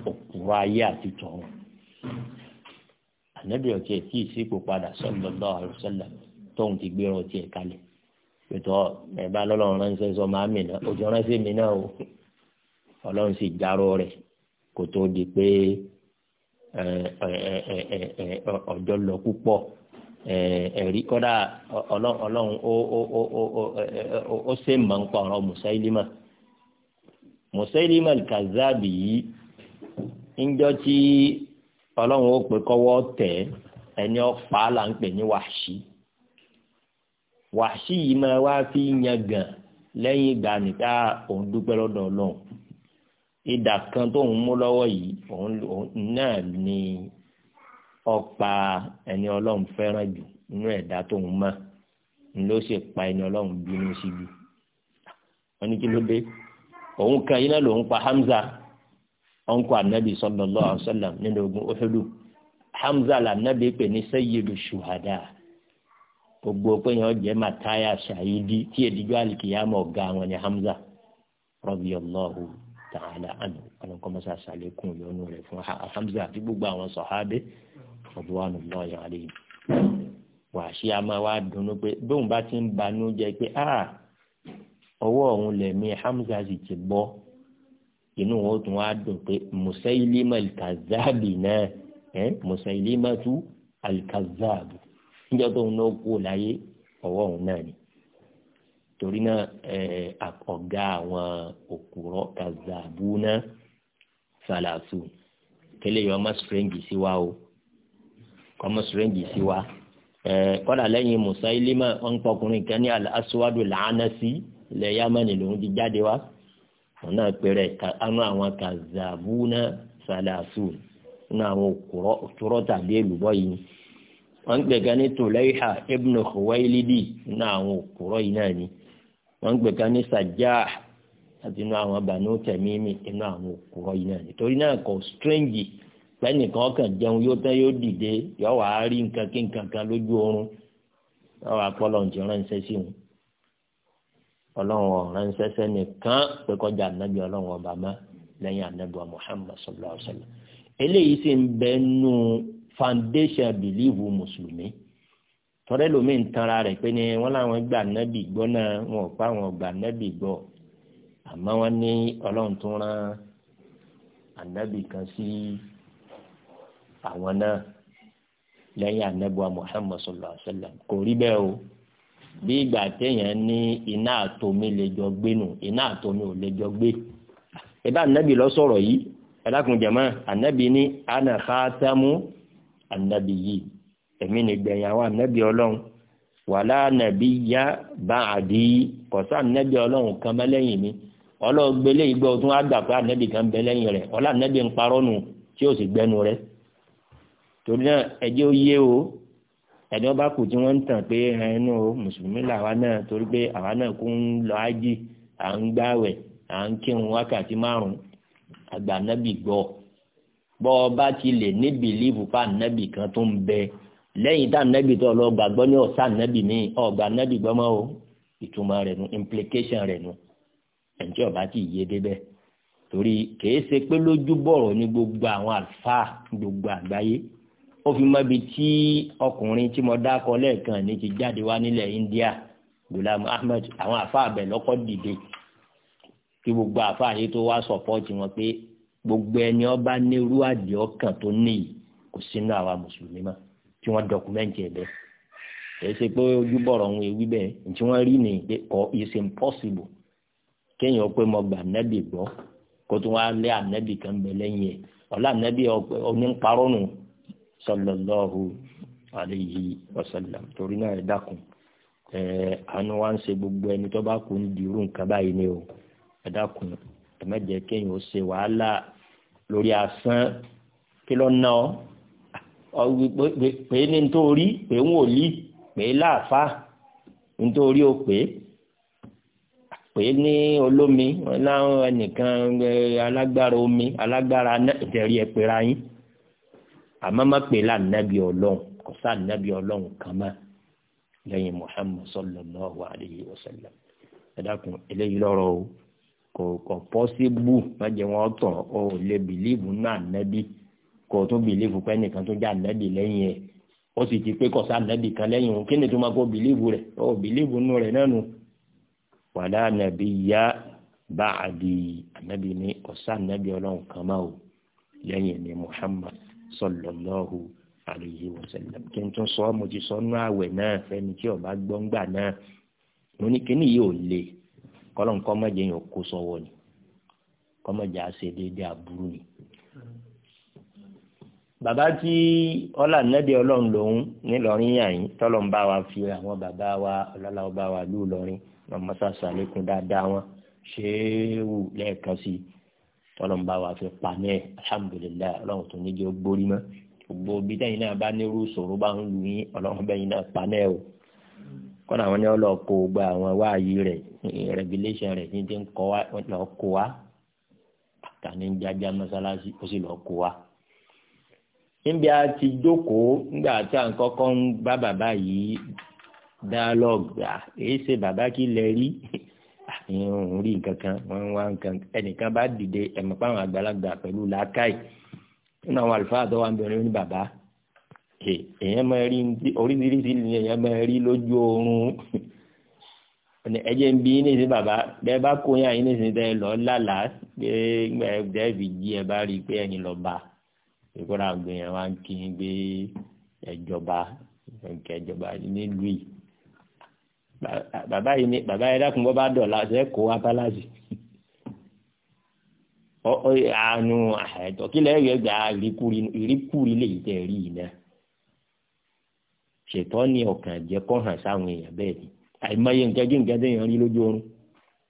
[SPEAKER 2] òpùrọ́ ayé àti tọ̀run ànábì ọ̀tí ẹ̀ tí ìsìnkú padà sallallahu alaihi wasallam tóun ti gbéra ọtí ẹ̀ kalẹ̀ pẹ̀tọ́ ẹ̀ bá lọ́lọ́run ránṣẹ́ sọ máa mì náà ojú ránṣẹ́ mi náà o ọlọ́run sì járọ rẹ̀ kó tó di pé. ọjọ́ lọ púpọ̀ ẹ̀rí kọ́dà ọlọ́run ó ṣe mọ̀ nípa ọ̀rọ̀ Musailima Musailima kazabi yìí ńjọ́ tí ọlọ́run ó pè kọ́wọ́ tẹ̀ ẹni ọ̀pá là ń pè ní wàṣí wàṣí yìí máa wá fi yan gàn lẹ́yìn ìgbà nìka òun dúpẹ́ ìdà kan tó ń mú lọ́wọ́ yìí òun náà ni ọ̀pá ẹni ọlọ́run fẹ́ràn jù nínú ẹ̀dá tó ń mọ̀ ń ló sì pa ẹni ọlọ́run bínú sí wọ́n ní kí ló dé òun kan iná lòun pa Hamza ọ̀nkọ sallallahu alaihi wasallam nínú ogun Uhudu Hamza nabi pè ní sayyidu shuhada gbogbo pé jẹ́ mataya ṣayidi tí èdìjọ́ àlìkìyàmọ̀ ọ̀gá wọn Hamza ta'ala anhu àwọn kan mọ́sá sàlékún ìyọnu rẹ̀ fún Hamza àti gbogbo àwọn sọ̀hábẹ́ ọ̀dùwánù lọ́ọ̀yà àlẹ́yìn wàá ṣe a máa wá dunnú pé bóun bá ti ń banú jẹ pé ah ọwọ́ òun lẹ̀mí Hamza sì ti bọ́ inú wọn tún wá dùn pé Musailima al-Kazzabi náà ẹ̀ Musailimatu al-Kazzabi níjọ́ tóun náà kú láyé ọwọ́ òun náà ni torí náà eh, ọ̀gá àwọn òkúrọ̀ kazabuna salasu kẹlẹ́ yọ ọmọ sùrẹ́ǹgì sí wa o ọmọ sùrẹ́ǹgì sí wa eh, kọ́dà lẹ́yìn Musailima ọ̀npọ̀kùnrin kan ní al-Aswadu al-Anasi ilẹ̀ Yamani lòún ti jáde wá wọn náà pèrè anú àwọn kazabuna salasu nínú àwọn òkúrọ̀ tàbí èlùbọ́ yìí wọ́n ń pè kan ní Tulayha ibn Khuwaylidi nínú àwọn òkúrọ̀ yìí náà ni wọ́n ń gbẹ̀kan ní Sajjah àti inú àwọn Banu Tamimi inú àwọn òkúrọ̀ yìí náà nítorí náà kò strange pẹ́nìkan kàn jẹun yóò tán yóò dìde yọ wà á rí nǹkan kí nǹkan kan lójú oorun yọ wà á pọ́ lọ́n ti ránṣẹ́ sí wọn ọlọ́run ọ̀ránṣẹ́ sẹ́nìkan pé kọjá ànábì ọlọ́run ọba má lẹ́yìn ànábì Muhammad sallallahu alaihi wasallam eléyìí sì ń bẹ́ẹ̀ nù foundation belief mùsùlùmí tọ́lẹ́ lomi ń tanra rẹ̀ pé ni wọ́n láwọn gbà nẹ́bì gbọ́ náà wọn ò pa àwọn gbà nẹ́bì gbọ́ àmọ́ wọ́n ní ọlọ́run tó rán ànábì kan sí àwọn náà lẹ́yìn ànábùwà Muhammad sallallahu alaihi wasallam kò rí bẹ́ẹ̀ o bí ìgbà téèyàn ní iná àtòmí lè jọ gbé nù iná àtòmí ò lè jọ gbé ẹ̀dá ànábì lọ sọ̀rọ̀ yìí ẹ̀dá kùn ní ana khatamu yìí èmi nìgbẹ̀yìn àwọn ànábì ọlọ́run wàlá nàbí yá bá àdí kọ̀sá ànábì ọlọ́run kan bá lẹ́yìn mi ọlọ́gbélé ìgbọ́ tún á gbà pé ànábì kan bẹ lẹ́yìn rẹ̀ ọlá ànábì ń parọ́ nù tí ó sì gbẹnu rẹ̀ torí náà ẹjẹ́ ó yé o ẹni ọba kù tí wọ́n ń tàn pé ẹnu o mùsùlùmí làwa náà torí pé àwa náà kún ń lọ ájì à ń gbáwẹ̀ à ń kírun wákàtí márùn àgbà ànábì gbọ́ bọ́ ọ bá ti lè ní bìlíìfù pa ànábì kan tó ń bẹ lẹ́yìn tá nẹ́bì tó lọ gbàgbọ́ ní ọ̀sá nẹ́bì ní ọ̀gbà nẹ́bì gbọ́mọ́ o ìtumọ̀ rẹ̀ nu implication rẹ̀ nu ẹ̀ǹtí ọ̀bá ti yé débẹ̀ torí kìí ṣe pé lójú bọ̀rọ̀ ní gbogbo àwọn àlùfáà gbogbo àgbáyé ó fi mọ ibi tí ọkùnrin tí mo dákọ lẹ́ẹ̀kan ní ti jáde wá nílẹ̀ India Gulam Ahmed àwọn àfáà bẹ̀ lọ́kọ́ dìde kí gbogbo àfáà yìí tó wá sọ̀pọ́ọ̀tì wọn pé gbogbo ẹni ọba nírú àdìọ́kàn tó níyì kò sínú àwa mùsùlùmí mọ́ tí wọ́n dọkumẹ́ntì ẹ̀ bẹ́ẹ̀ kì ṣe pé ojúbọ̀rọ̀ ń wí bẹ́ẹ̀ tí wọ́n rí ni pé kọ́ oh, is impossible kéèyàn pé mo gbà nẹ́bì gbọ́ kó tó wá lé ànẹ́bì kan bẹ lẹ́yìn ẹ̀ ọ̀la ànẹ́bì oníparọ́ nù sallallahu alayhi wa sallam torí náà ẹ dákun ẹ àánú wa ń ṣe gbogbo ẹni tó bá kú ní dirú nǹkan báyìí ni o ẹ dákun ẹ má jẹ́ kéèyàn ó ṣe wàhálà lórí asán kí ló ná ọ pé ní nítorí pé ń wòlíì pé láàfà nítorí o pé pé ní olómi láwọn ẹnìkan alágbára omi alágbára ìtẹ̀rí ẹ̀pẹ̀ra yín àmọ́ má pè lánàbí ọlọ́run kò sánàbí ọlọ́run kan mọ́ lẹ́yìn Muhammad sallallahu alayhi wa sallam ẹ dákun eléyìí lọ́rọ̀ o kò kò pọ́sibú má tọ̀ ọ́ lè bìlíìbù náà nàbí kò tún bìlíìfù pé ẹnìkan tó já ànábì lẹ́yìn ẹ̀ ó sì ti pé kọ̀sá ànábì kan lẹ́yìn òun kí ni tó máa kó bìlíìfù rẹ̀ ó bìlíìfù nù rẹ̀ náà nù. wàlá yá bá àdì ànábì ní ọ̀sá ànábì ọlọ́run kan máa ò lẹ́yìn ní Muhammad sallallahu alayhi wa sallam kí n tún sọ mo ti sọ nú àwẹ̀ náà fẹ́ni tí ọba gbọ́ngbà náà mo ní kíní yìí ò le kọ́lọ́nkọ́ mọ̀jẹ̀ yẹn kó sọ́wọ́ ni kọ́mọ̀jẹ̀ á ṣe déédéé àbúrú ni bàbá tí ọlà nẹ́bí ọlọ́run lòun nílọrin yàyín tọ́lọ́n bá wa fi àwọn bàbá wa ọlọ́lá ọba wa lù lọ́rin màmá sàṣà lẹ́kùn dáadáa wọn ṣéwù lẹ́ẹ̀kan sí tọ́lọ́n bá wa fi pa ní ẹ̀ alhamdulilayi ọlọ́run tó níjẹ́ ó gbórí mọ́ gbogbo bí tẹ́yìn náà bá nírú ìṣòro bá ń lu yín ọlọ́run bẹ́yìn náà pa ní o kọ́nà àwọn ní ọlọ́ kó gba àwọn wáàyí rẹ̀ regulation rẹ̀ ní ti ń kọ́ wa lọ́ kó wa àtàní jájá mọ́sálásí ó sì lọ́ kó wa níbi a ti jókòó nígbà tí à ń kọ́kọ́ ń bá bàbá yìí dialogue à èyí ṣe bàbá kí lẹ rí ìhun rí nǹkan kan wọ́n ń wá nǹkan ẹnìkan bá dìde ẹ̀mọ́ páwọn àgbàlagbà pẹ̀lú làákàyè nínú àwọn àlùfáà tó wà ń bẹ̀rẹ̀ ní bàbá èèyàn máa rí oríṣiríṣi èèyàn máa rí lójú oorun ẹjẹ ń bí yín nísìnyí bàbá bẹ́ẹ̀ bá kó yín àyín nísìnyí tẹ́ lọ lálàá gbẹ gbẹ fi jí ẹ bá rí i pé ẹ̀yin lọ bá a ìkọ́ra gbìyànjú wa ń kí n gbé ẹjọba ìjọba nílùú yìí bàbá yìí ni bàbá yìí dákun bọ́ bá dọ̀la ṣe kó wa báláàsì àánú àìtọ́ kí lẹ́yìn ẹgbẹ́ ìríkúri lè tẹ̀ rí yìí náà ṣètọ́ ni ọ̀kàn jẹ́ kọ́ hàn sáwọn èèyàn bẹ́ẹ̀ ni àìmọye nǹkan kí nǹkan tẹ̀yàn rí lójú oorun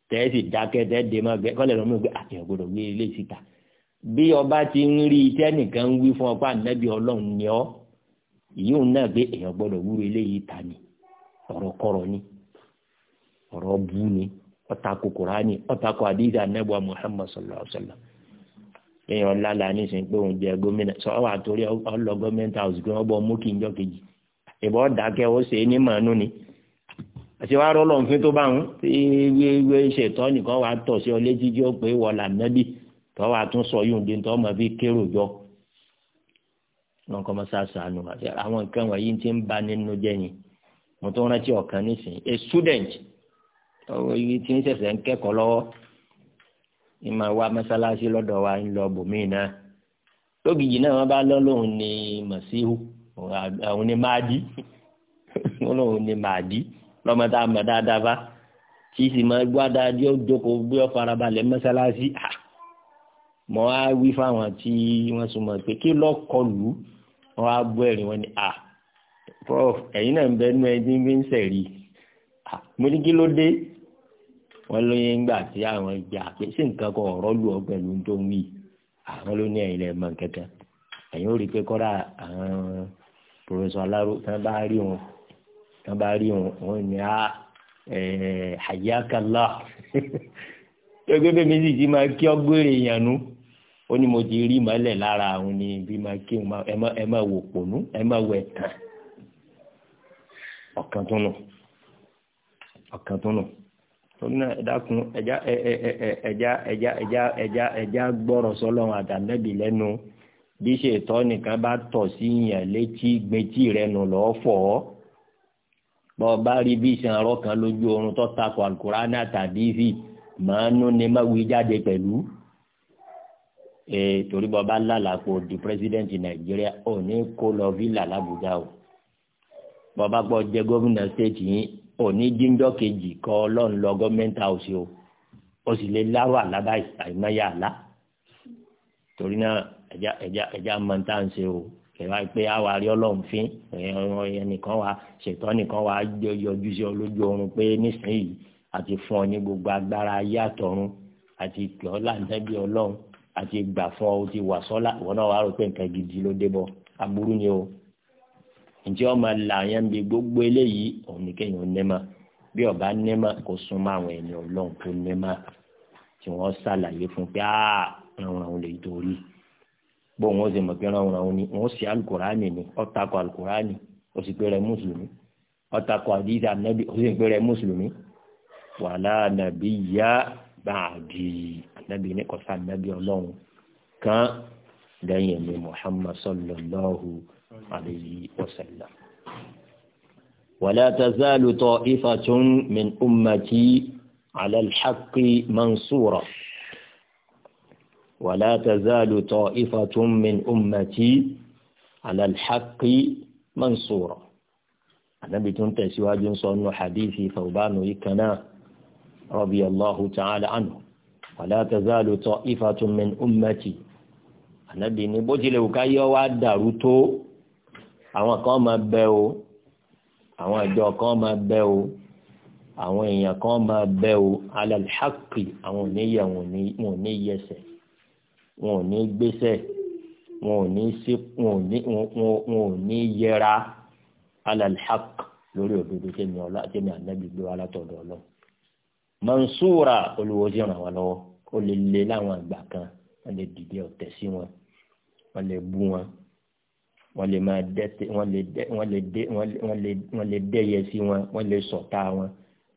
[SPEAKER 2] tẹ́ẹ̀ sì dákẹ́ tẹ́ẹ̀ dé máa gbẹ́ kọ́lẹ̀ lọ́mọ gbé àtẹ̀yàn ah, gbọdọ̀ gbé ilé síta bí ọba ti ń rí i tẹ́nìkan wí fún ọpá nẹ́bí ọlọ́run ni ọ́ ìyóò náà èèyàn gbọ́dọ̀ wúro ta ni ọ̀rọ̀ kọ̀rọ̀ ni ọ̀rọ̀ bú ni kòkòrò ni kò àdìsí èèyàn pé òun jẹ gómìnà sọ wà torí ọlọ house gbé wọn bọ mú kí n jọ kejì ìbọn dákẹ́ ní màánú ni àti wàá tọ́wọ́ àtúnṣọ yóò dé tọ́wọ́ máa fi kérò jọ wọn kọ́ máa ṣàṣàánú àwọn nǹkan wọ̀nyí ti ń ba nínú jẹ́ yìí mo tó rántí ọ̀kan nísìnyí a student ọwọ́ yìí ti ń ṣẹ̀ṣẹ̀ ń kẹ́kọ̀ọ́ lọ́wọ́ ní máa wá mọ́ṣáláṣí lọ́dọ̀ wa ń lọ bòmíì náà lógìjì náà wọ́n bá lọ́ lóun ní màsíhù òun ní máàdí wọn lóun ní máàdí lọ́mọ tá mọ̀ dáadáa bá tí sì máa gbọ́ adájọ́ jókòó bí ó farabalẹ̀ mọ á wí fáwọn tí wọ́n súnmọ́ pé kí lọ kọlù wọn á gbọ́ ẹ̀rín wọn ni à prof ẹ̀yin náà ń bẹ nínú ẹni tí ń fi ń sẹ̀rí mo ní kí ló dé wọ́n ló yẹn ń gbà tí àwọn ìgbà pé sí nǹkan kan ọ̀rọ̀ lù ọ pẹ̀lú tó ń wí àwọn ló ní ẹ̀yin lẹ mọ̀ kankan ẹ̀yin ó rí i pé kọ́ra àwọn pòfẹsọ aláró tán bá rí wọn tán bá rí wọn wọn ni á hayakala gbẹgbẹ mi sì ti máa kí ọgbẹrẹ ìyànnú ó ní mo di rí mọ́lẹ̀ lára àwọn ni bí máa kí ẹ má wò pònú ẹ má wò ẹ̀tàn ọ̀kan tó nù ọ̀kan tó nù torí náà ẹ̀dákun ẹ̀já ẹ̀já ẹ̀já ẹ̀já ẹ̀já ẹ̀já gbọ́rọ̀ sọlọ́run àtànẹ́bì lẹ́nu bí ṣètọ́ nìkan bá tọ̀ sí yàn létí gbẹ́tì rẹ̀ nù lọ́ọ́ fọ̀ ọ́ bọ́ bá rí bí ìṣàn arọ́ kan lójú oorun tó takò àlùkùránà tàbí fì máa ń nú ni má wí jáde pẹ̀lú ee torí bọ́ bá lálàpọ̀ di president nàìjíríà ò ní kó lọ villa làbújá o bọ́ bá gbọ́ jẹ́ gómìnà state yìí ò ní jíjọ́ kejì kọ́ ọlọ́run lọ gọ́ọ̀mẹ́ntà òsì o ó sì lè láwà lábáyé àìmọ́yà àlá torí náà ẹja ẹja ẹja máa ń tà ń ṣe o kẹwàá pé àwa rí ọlọ́run fín ẹnìkan wa ṣètọ́ nìkan wa yọjú sí ọ lójú oorun pé nísìnyí àti fún ọ ní gbogbo agbára ayé àtọ̀run àti ìpè ọ́ ọlọ́run àti gbàfọ́ o ti wà sọ́lá wọn náà wàá rò pé nǹkan gidi ló dé bọ̀ aburú ni o ǹjẹ́ ọmọ làyàn bí gbogbo eléyìí òun ni kéèyàn nẹ́mà bí ọba nẹ́mà kó súnmọ́ àwọn ènìyàn ọlọ́run tó nẹ́mà tí wọ́n ṣàlàyé fún pé áà ràn òun lè torí bó wọn ṣe mọ̀ pé ràn òun ni wọ́n ṣe alukurani ni ọ̀tàkọ̀ alukurani ó sì pé rẹ mùsùlùmí ọ̀tàkọ̀ àdìsí ànábì ó báàdì ànábì níkọ̀sá ànábì ọlọ́run kan lẹ́yìn mi muhammad sallallahu alayhi wa sallam. ولا تزال طائفة من أمتي على الحق منصورة ولا تزال طائفة من أمتي على الحق منصورة النبي تنتسي واجن صنو حديثي ثوبان ويكنا رضي الله تعالى عنه ولا تزال طائفة من أمتي ànábì ní bó tilẹ̀ wù ká yọ wá dàrú tó àwọn kan máa bẹ o àwọn ìjọ kan máa bẹ o àwọn èèyàn kan máa bẹ o alalhaqi àwọn oníyẹ wọn ò ní yẹsẹ̀ wọn ò ní gbésẹ̀ wọn ò ní sí wọn ò ní yẹra alalhaq lórí òdodo tèmi ọlá tèmi ànábì gbé wa látọ̀dọ̀ ọlọ́run. Mansura olùwọ́ sí ràn wá lọ́wọ́ ó lè lé láwọn àgbà kan wọ́n lè dìde ọ̀tẹ̀ sí wọn wọ́n lè bú wọn wọ́n lè máa dẹ́tẹ̀ wọ́n lè dẹ́ wọ́n lè dẹ́ wọ́n lè dẹ́yẹ sí wọn wọ́n lè sọ̀tá wọn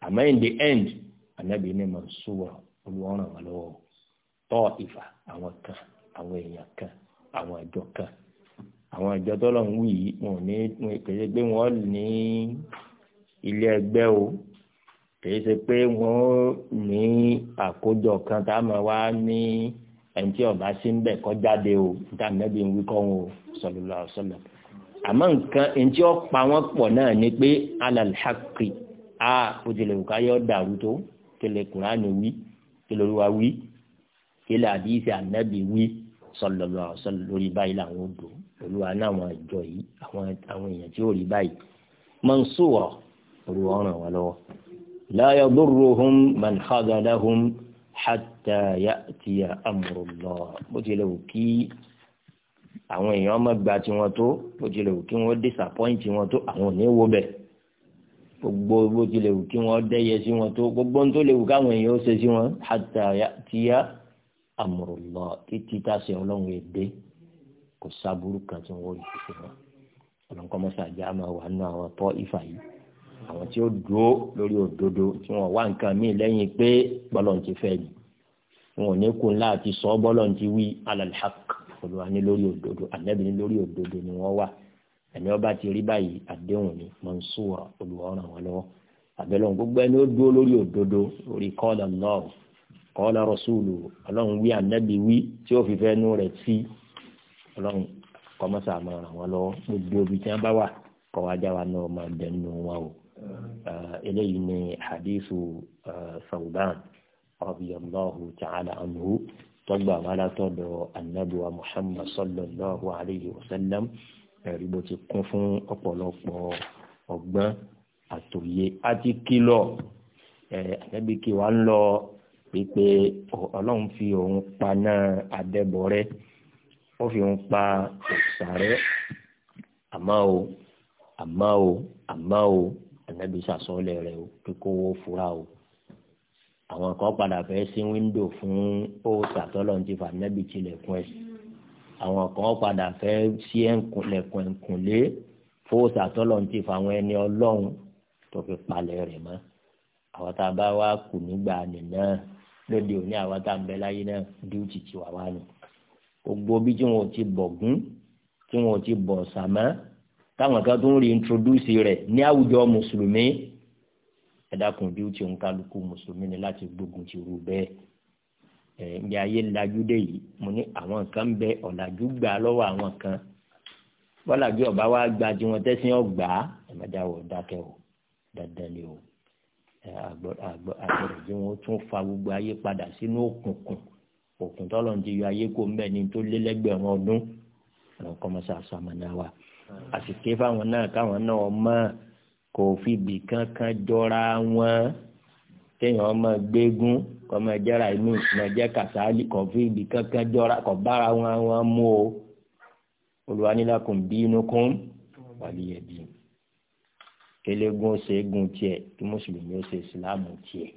[SPEAKER 2] àmọ́ in the end anabi ní mansoura olùwọ́ ràn wá lọ́wọ́ tọ́ ìfà àwọn kan àwọn èèyàn kan àwọn àjọ kan àwọn àjọ tọ́lọ̀ ń wí yìí wọn ò ní pèsè pé wọ́n ní ilé ẹgbẹ́ o kìí ṣe pé wọ́n ní àkójọ kan tá a máa wá ní ẹni tí ọba sí ń bẹ̀ kọ́ jáde o níta nẹ́bí ń wí kọ́ wọn o sallallahu alaihi wasallam nǹkan ẹni tí ó pa wọ́n pọ̀ náà ni pé alalhaqi a òjìlẹ̀ òkáyọ̀ dàrú tó kele kùránì wí kele olúwa wí kele àdìsí ànẹ́bí wí sọlọlọ sọlọ lórí báyìí làwọn odò olúwa náà àwọn àjọ yìí àwọn èèyàn tí ó rí báyìí mọ̀ olúwa ọ̀ràn wa lọ́wọ́. لا يضرهم من خذلهم حتى يأتي أمر الله. tilẹ̀ àwọn èèyàn ọmọ gba tiwọn tó bó tilẹ̀ wù kí wọ́n disappoint wọn tó àwọn ò ní wo bẹ̀ gbogbo bó tilẹ̀ wù kí wọ́n dẹ́yẹ sí wọn tó gbogbo ń tó lè wù káwọn èèyàn ó ṣe sí wọn hatta ya'tiya amrullah títí tá a ṣe ọlọ́run èdè kò sábúrú kan tí wọ́n rí fún wọn ọlọ́nkọ́mọ́sá àjá máa wà nínú àwọn tọ́ ìfà yìí àwọn tí ó dúró lórí òdodo tí wọn wá nǹkan míì lẹ́yìn pé bọ́lọ̀ ti fẹ́ ni wọn ò ní kun láti sọ bọ́lọ̀ ti wí alalhaq olùwà ní lórí òdodo ànábì ní lórí òdodo ni wọ́n wà ẹni ọba ti rí báyìí àdéhùn ni mansour olùwà ọ̀ràn wọn lọ́wọ́ àbẹ̀lẹ̀ gbogbo ẹni ó dúró lórí òdodo lórí qala Allah qala rasulu ọlọ́run wí ànábì wí tí ó fi fẹ́ nú rẹ̀ sí ọlọ́run kọ́mọ́sà máa ràn wọ́n gbogbo ibi tí wọ́n bá wà kọ́ wa náà máa bẹ̀ nù wọn o eléyìí ni hadithu Thawban radiyallahu ta'ala anhu tọgbà wà látọ̀dọ̀ anabuwa Muhammad sallallahu alayhi wa sallam ẹ̀rí bó ti kún fún ọ̀pọ̀lọpọ̀ ọgbọ́n àtòyé àti kìlọ̀ àtẹ́bí kí wàá ń lọ pípé ọlọ́run fi òun paná adẹ́bọrẹ́ ó fi òun pa òsàrẹ́ àmọ́ o àmọ́ o àmọ́ o ànábì sàsọ́ọ̀lẹ̀ rẹ̀ o kíkówó fura o àwọn kan padà fẹ́ sí wíńdò fún òòsà tọ́lọ̀ ti fà ànábì tilẹ̀kùn ẹ̀ àwọn kan padà fẹ́ sí ẹ̀kùnlẹ̀kùn ẹ̀kùnlé fòòsà tọ́lọ̀ ti fà àwọn ẹni ọlọ́run tó fi palẹ̀ rẹ̀ mọ́ àwọn tá a bá wá kù nígbà nìna lóde òní àwọn tá a bẹ láyé náà díùtì tiwa wá ni gbogbo bí tí wọn ò ti bọ̀gún tí wọn ò ti bọ̀ sàmọ́ táwọn kan tó ń reintroduce rẹ̀ ní àwùjọ mùsùlùmí ẹ dákun bí ó ti ń kálukú mùsùlùmí ni láti gbógun ti rú bẹ́ẹ̀ ẹ ní ayé lajú dé yìí mo ní àwọn kan ń bẹ ọ̀làjú gbà lọ́wọ́ àwọn kan bọ́làjú ọba wa gba tí wọ́n tẹ́sí ọgbà ẹ̀mẹ́dá wọ̀ dákẹ́ o dandan ni o àgbọ̀dọ̀ tí wọ́n tún fa gbogbo ayé padà sínú òkùnkùn òkùn tọ́lọ́run ti yọ ayé kó ń bẹ̀ ní tó lé lẹ́gbẹ̀rún ọdún àwọn kọ́mọ́sá sàmánà wa àsìké fáwọn náà káwọn náà mọ kò fi bì kankan jọra wọn téèyàn ọmọ gbégún kọmọ jẹra inú ìsìnà jẹ kàsáálì kò fi bì kankan jọra kò bára wọn wọn mú o olùwánilákùn bínú kún wàlíyẹbí kẹlẹgùn ó ṣe é gùn tiẹ̀ kí mùsùlùmí ó ṣe ìsìlámù tiẹ̀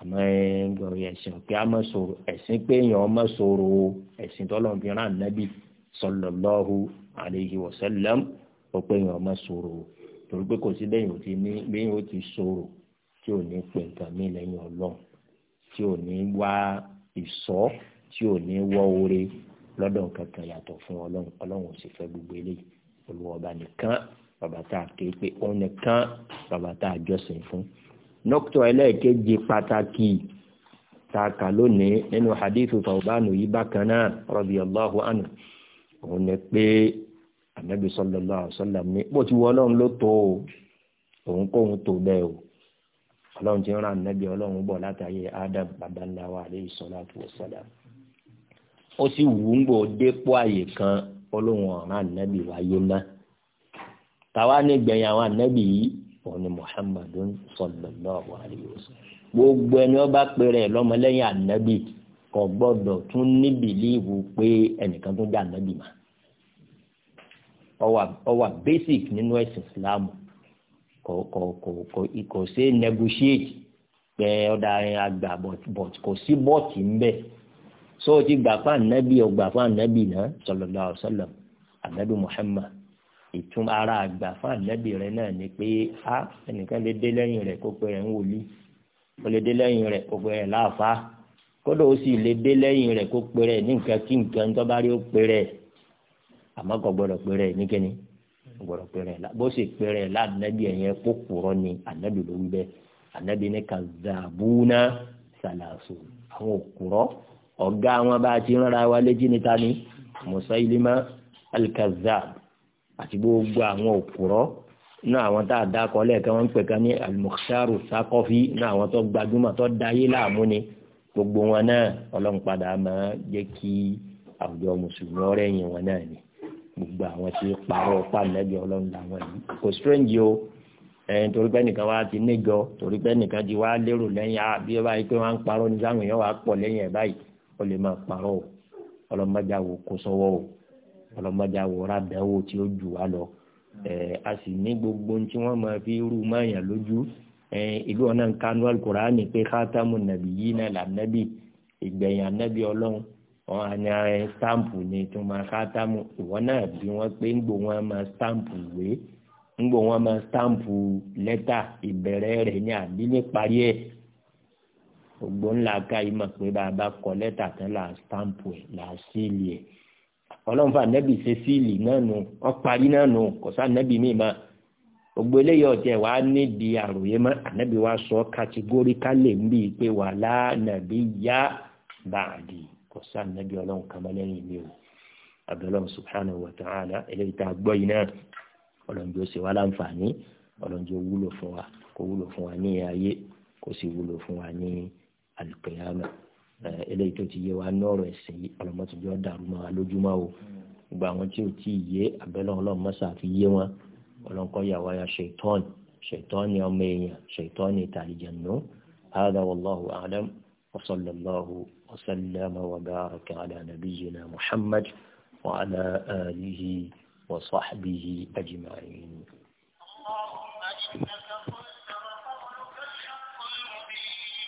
[SPEAKER 2] àmọ́ ẹgbẹ̀rún ẹ̀sìn pé a máa sọ̀rọ̀ ẹ̀sìn pé èèyàn máa sọ̀rọ̀ ẹ̀sìn tọ́lọ́mùbíràn nábì sallallahu alayhi wa sallam ó pé yẹn ọmọ sọ̀rọ̀ o torí pé kò sí bẹ́yìn ó ti ní bẹ́yìn ó ti sọ̀rọ̀ tí ò ní pè nǹkan mí lẹ́yìn ọlọ́run tí ò ní wá ìsọ́ tí ò ní wọ́ oore lọ́dọ̀ kankan yàtọ̀ fún ọlọ́run ọlọ́run ò sì fẹ́ gbogbo eléyìí olùwọ̀ba nìkan bàbá tá a ké pé òun nìkan bàbá tá a jọ́sìn fún. nọ́kítọ̀ ẹlẹ́ẹ̀kejì pàtàkì tá a kà lónìí nínú hadithu Thawbanu yìí bákan náà radiyallahu anhu òun ni pé ànábì sallallahu alaihi wasallam ní bó ti wọ ọlọ́run ló tó o òun kóun tó bẹ́ẹ̀ o ọlọ́run ti ń ran ànábì ọlọ́run bọ̀ látàyè Adam babaláwa alaihi salatu wassalam ó sì wù ú ń bò dépò àyè kan ọlọ́run ọ̀ràn ànábì wáyé ná tàwa ní àwọn ànábì yìí òun ni Muhammadun sallallahu alaihi wasallam gbogbo ẹni ó bá pèrè lọ́mọlẹ́yìn ànábì kò gbọ́dọ̀ tún ní bìlíìfù pé ẹnìkan tó jẹ́ ànábì mà ó wà basic nínú ẹ̀sìn Islam kò kò kò kò kò ṣe negotiate pé ọ̀dà àgbà but kò sí bọ́ọ̀tì ń so ti gbà fún ànábì ọgbà fún ànábì náà sallallahu alaihi wasallam ànábì Muhammad ìtum ara àgbà fún ànábì rẹ náà ni pé a ẹnìkan lè dé lẹ́yìn rẹ̀ kó pé ẹ̀ ń wòlíì ó lè dé lẹ́yìn rẹ̀ kó pé ẹ̀ láàfáà kódà ó sì lè dé lẹ́yìn rẹ̀ kó péré ní nǹkan kí nǹkan tó bá rí ó péré àmọ́ kò gbọ́dọ̀ péré níkẹ́ni kò gbọ́dọ̀ péré bó sì péré lánàbí ẹ̀yẹ kó kúrọ́ ni ànábì ló ń bẹ ànábì ní kazabuna salasu àwọn òkúrọ́ ọ̀gá wọn bá ti rán ara wa léjì níta ni Musailima al-Kazzab àti gbogbo àwọn òkúrọ́ ní àwọn tá a dá kọ́ lẹ́ẹ̀kan wọ́n ń pè kan ní al-Mukhtaru ní àwọn tó gbajúmọ̀ tó dayé láàmú ni gbogbo wọn náà ọlọ́run padà máa jẹ́ kí àwùjọ mùsùlùmí ọ̀rẹ́ yẹn wọn náà ni gbogbo àwọn tí parọ́ pàmẹ́bí ọlọ́run làwọn yìí kò strange o ẹ̀yìn torí pé nìkan wá ti níjọ torí pé nìkan ti wá lérò lẹ́yìn àbí ah, ọba yìí pé wọ́n á ń parọ́ ní sáwọn èèyàn wà á pọ̀ lẹ́yìn ẹ̀ báyìí ó lè máa parọ́ ọlọ́mọdé àwò kó sọ́wọ́ o ọlọ́mọdé àwò rábẹ́wò tí ó jù wá lọ ẹ̀ a sì ní gbogbo ohun tí wọ́n máa fi rú mọ́ ìlú ọ̀nà kanu ni pé khatamu nabiyina lànàbí ìgbẹ̀yìn ànàbí ọlọ́run wọn á ní ara stampu ní ìtumọ̀ khatamu ìwọ náà bí wọ́n pé ń gbò wọn máa stampu ìwé ń gbò wọn máa stampu lẹ́tà ìbẹ̀rẹ̀ rẹ̀ ní àbí ní parí ẹ̀ gbogbo ńlá ká yìí mọ̀ pé bàbá kọ lẹ́tà tán là stampu ẹ̀ là síìlì ẹ̀ ọlọ́run fún ànàbí ṣe síìlì náà nù wọ́n parí náà nù kò sá ànàbí mi máa. gbogbo eléyìí ọ̀jẹ̀ wa nídi àròyé mọ́ ànábì wa sọ kàtígóríkálè ń bí i pé wà lánàbí yá báàdì kò sí ànábì ọlọ́run ya lẹ́yìn mi o abdullah subhanahu wa ta'ala eléyìí tá a gbọ́ yìí náà ọlọ́njọ́ ṣe wá láǹfààní ọlọ́njọ́ wúlò fún wa kó wúlò fún wa ní ayé kó sì wúlò fún wa ní alùpùpù eh, eléyìí tó ti yé wa nọ́ọ̀rọ̀ ẹ̀sìn yìí dàrú mọ́ wa lójúmọ́ o gbogbo àwọn tí ọlọ́nkọ́ yàwá ya شيطان ṣètọ́ni ọmọ èèyàn ṣètọ́ni tàlìjànú هذا والله أعلم وصلى الله وسلم وبارك على نبينا محمد وعلى آله وصحبه أجمعين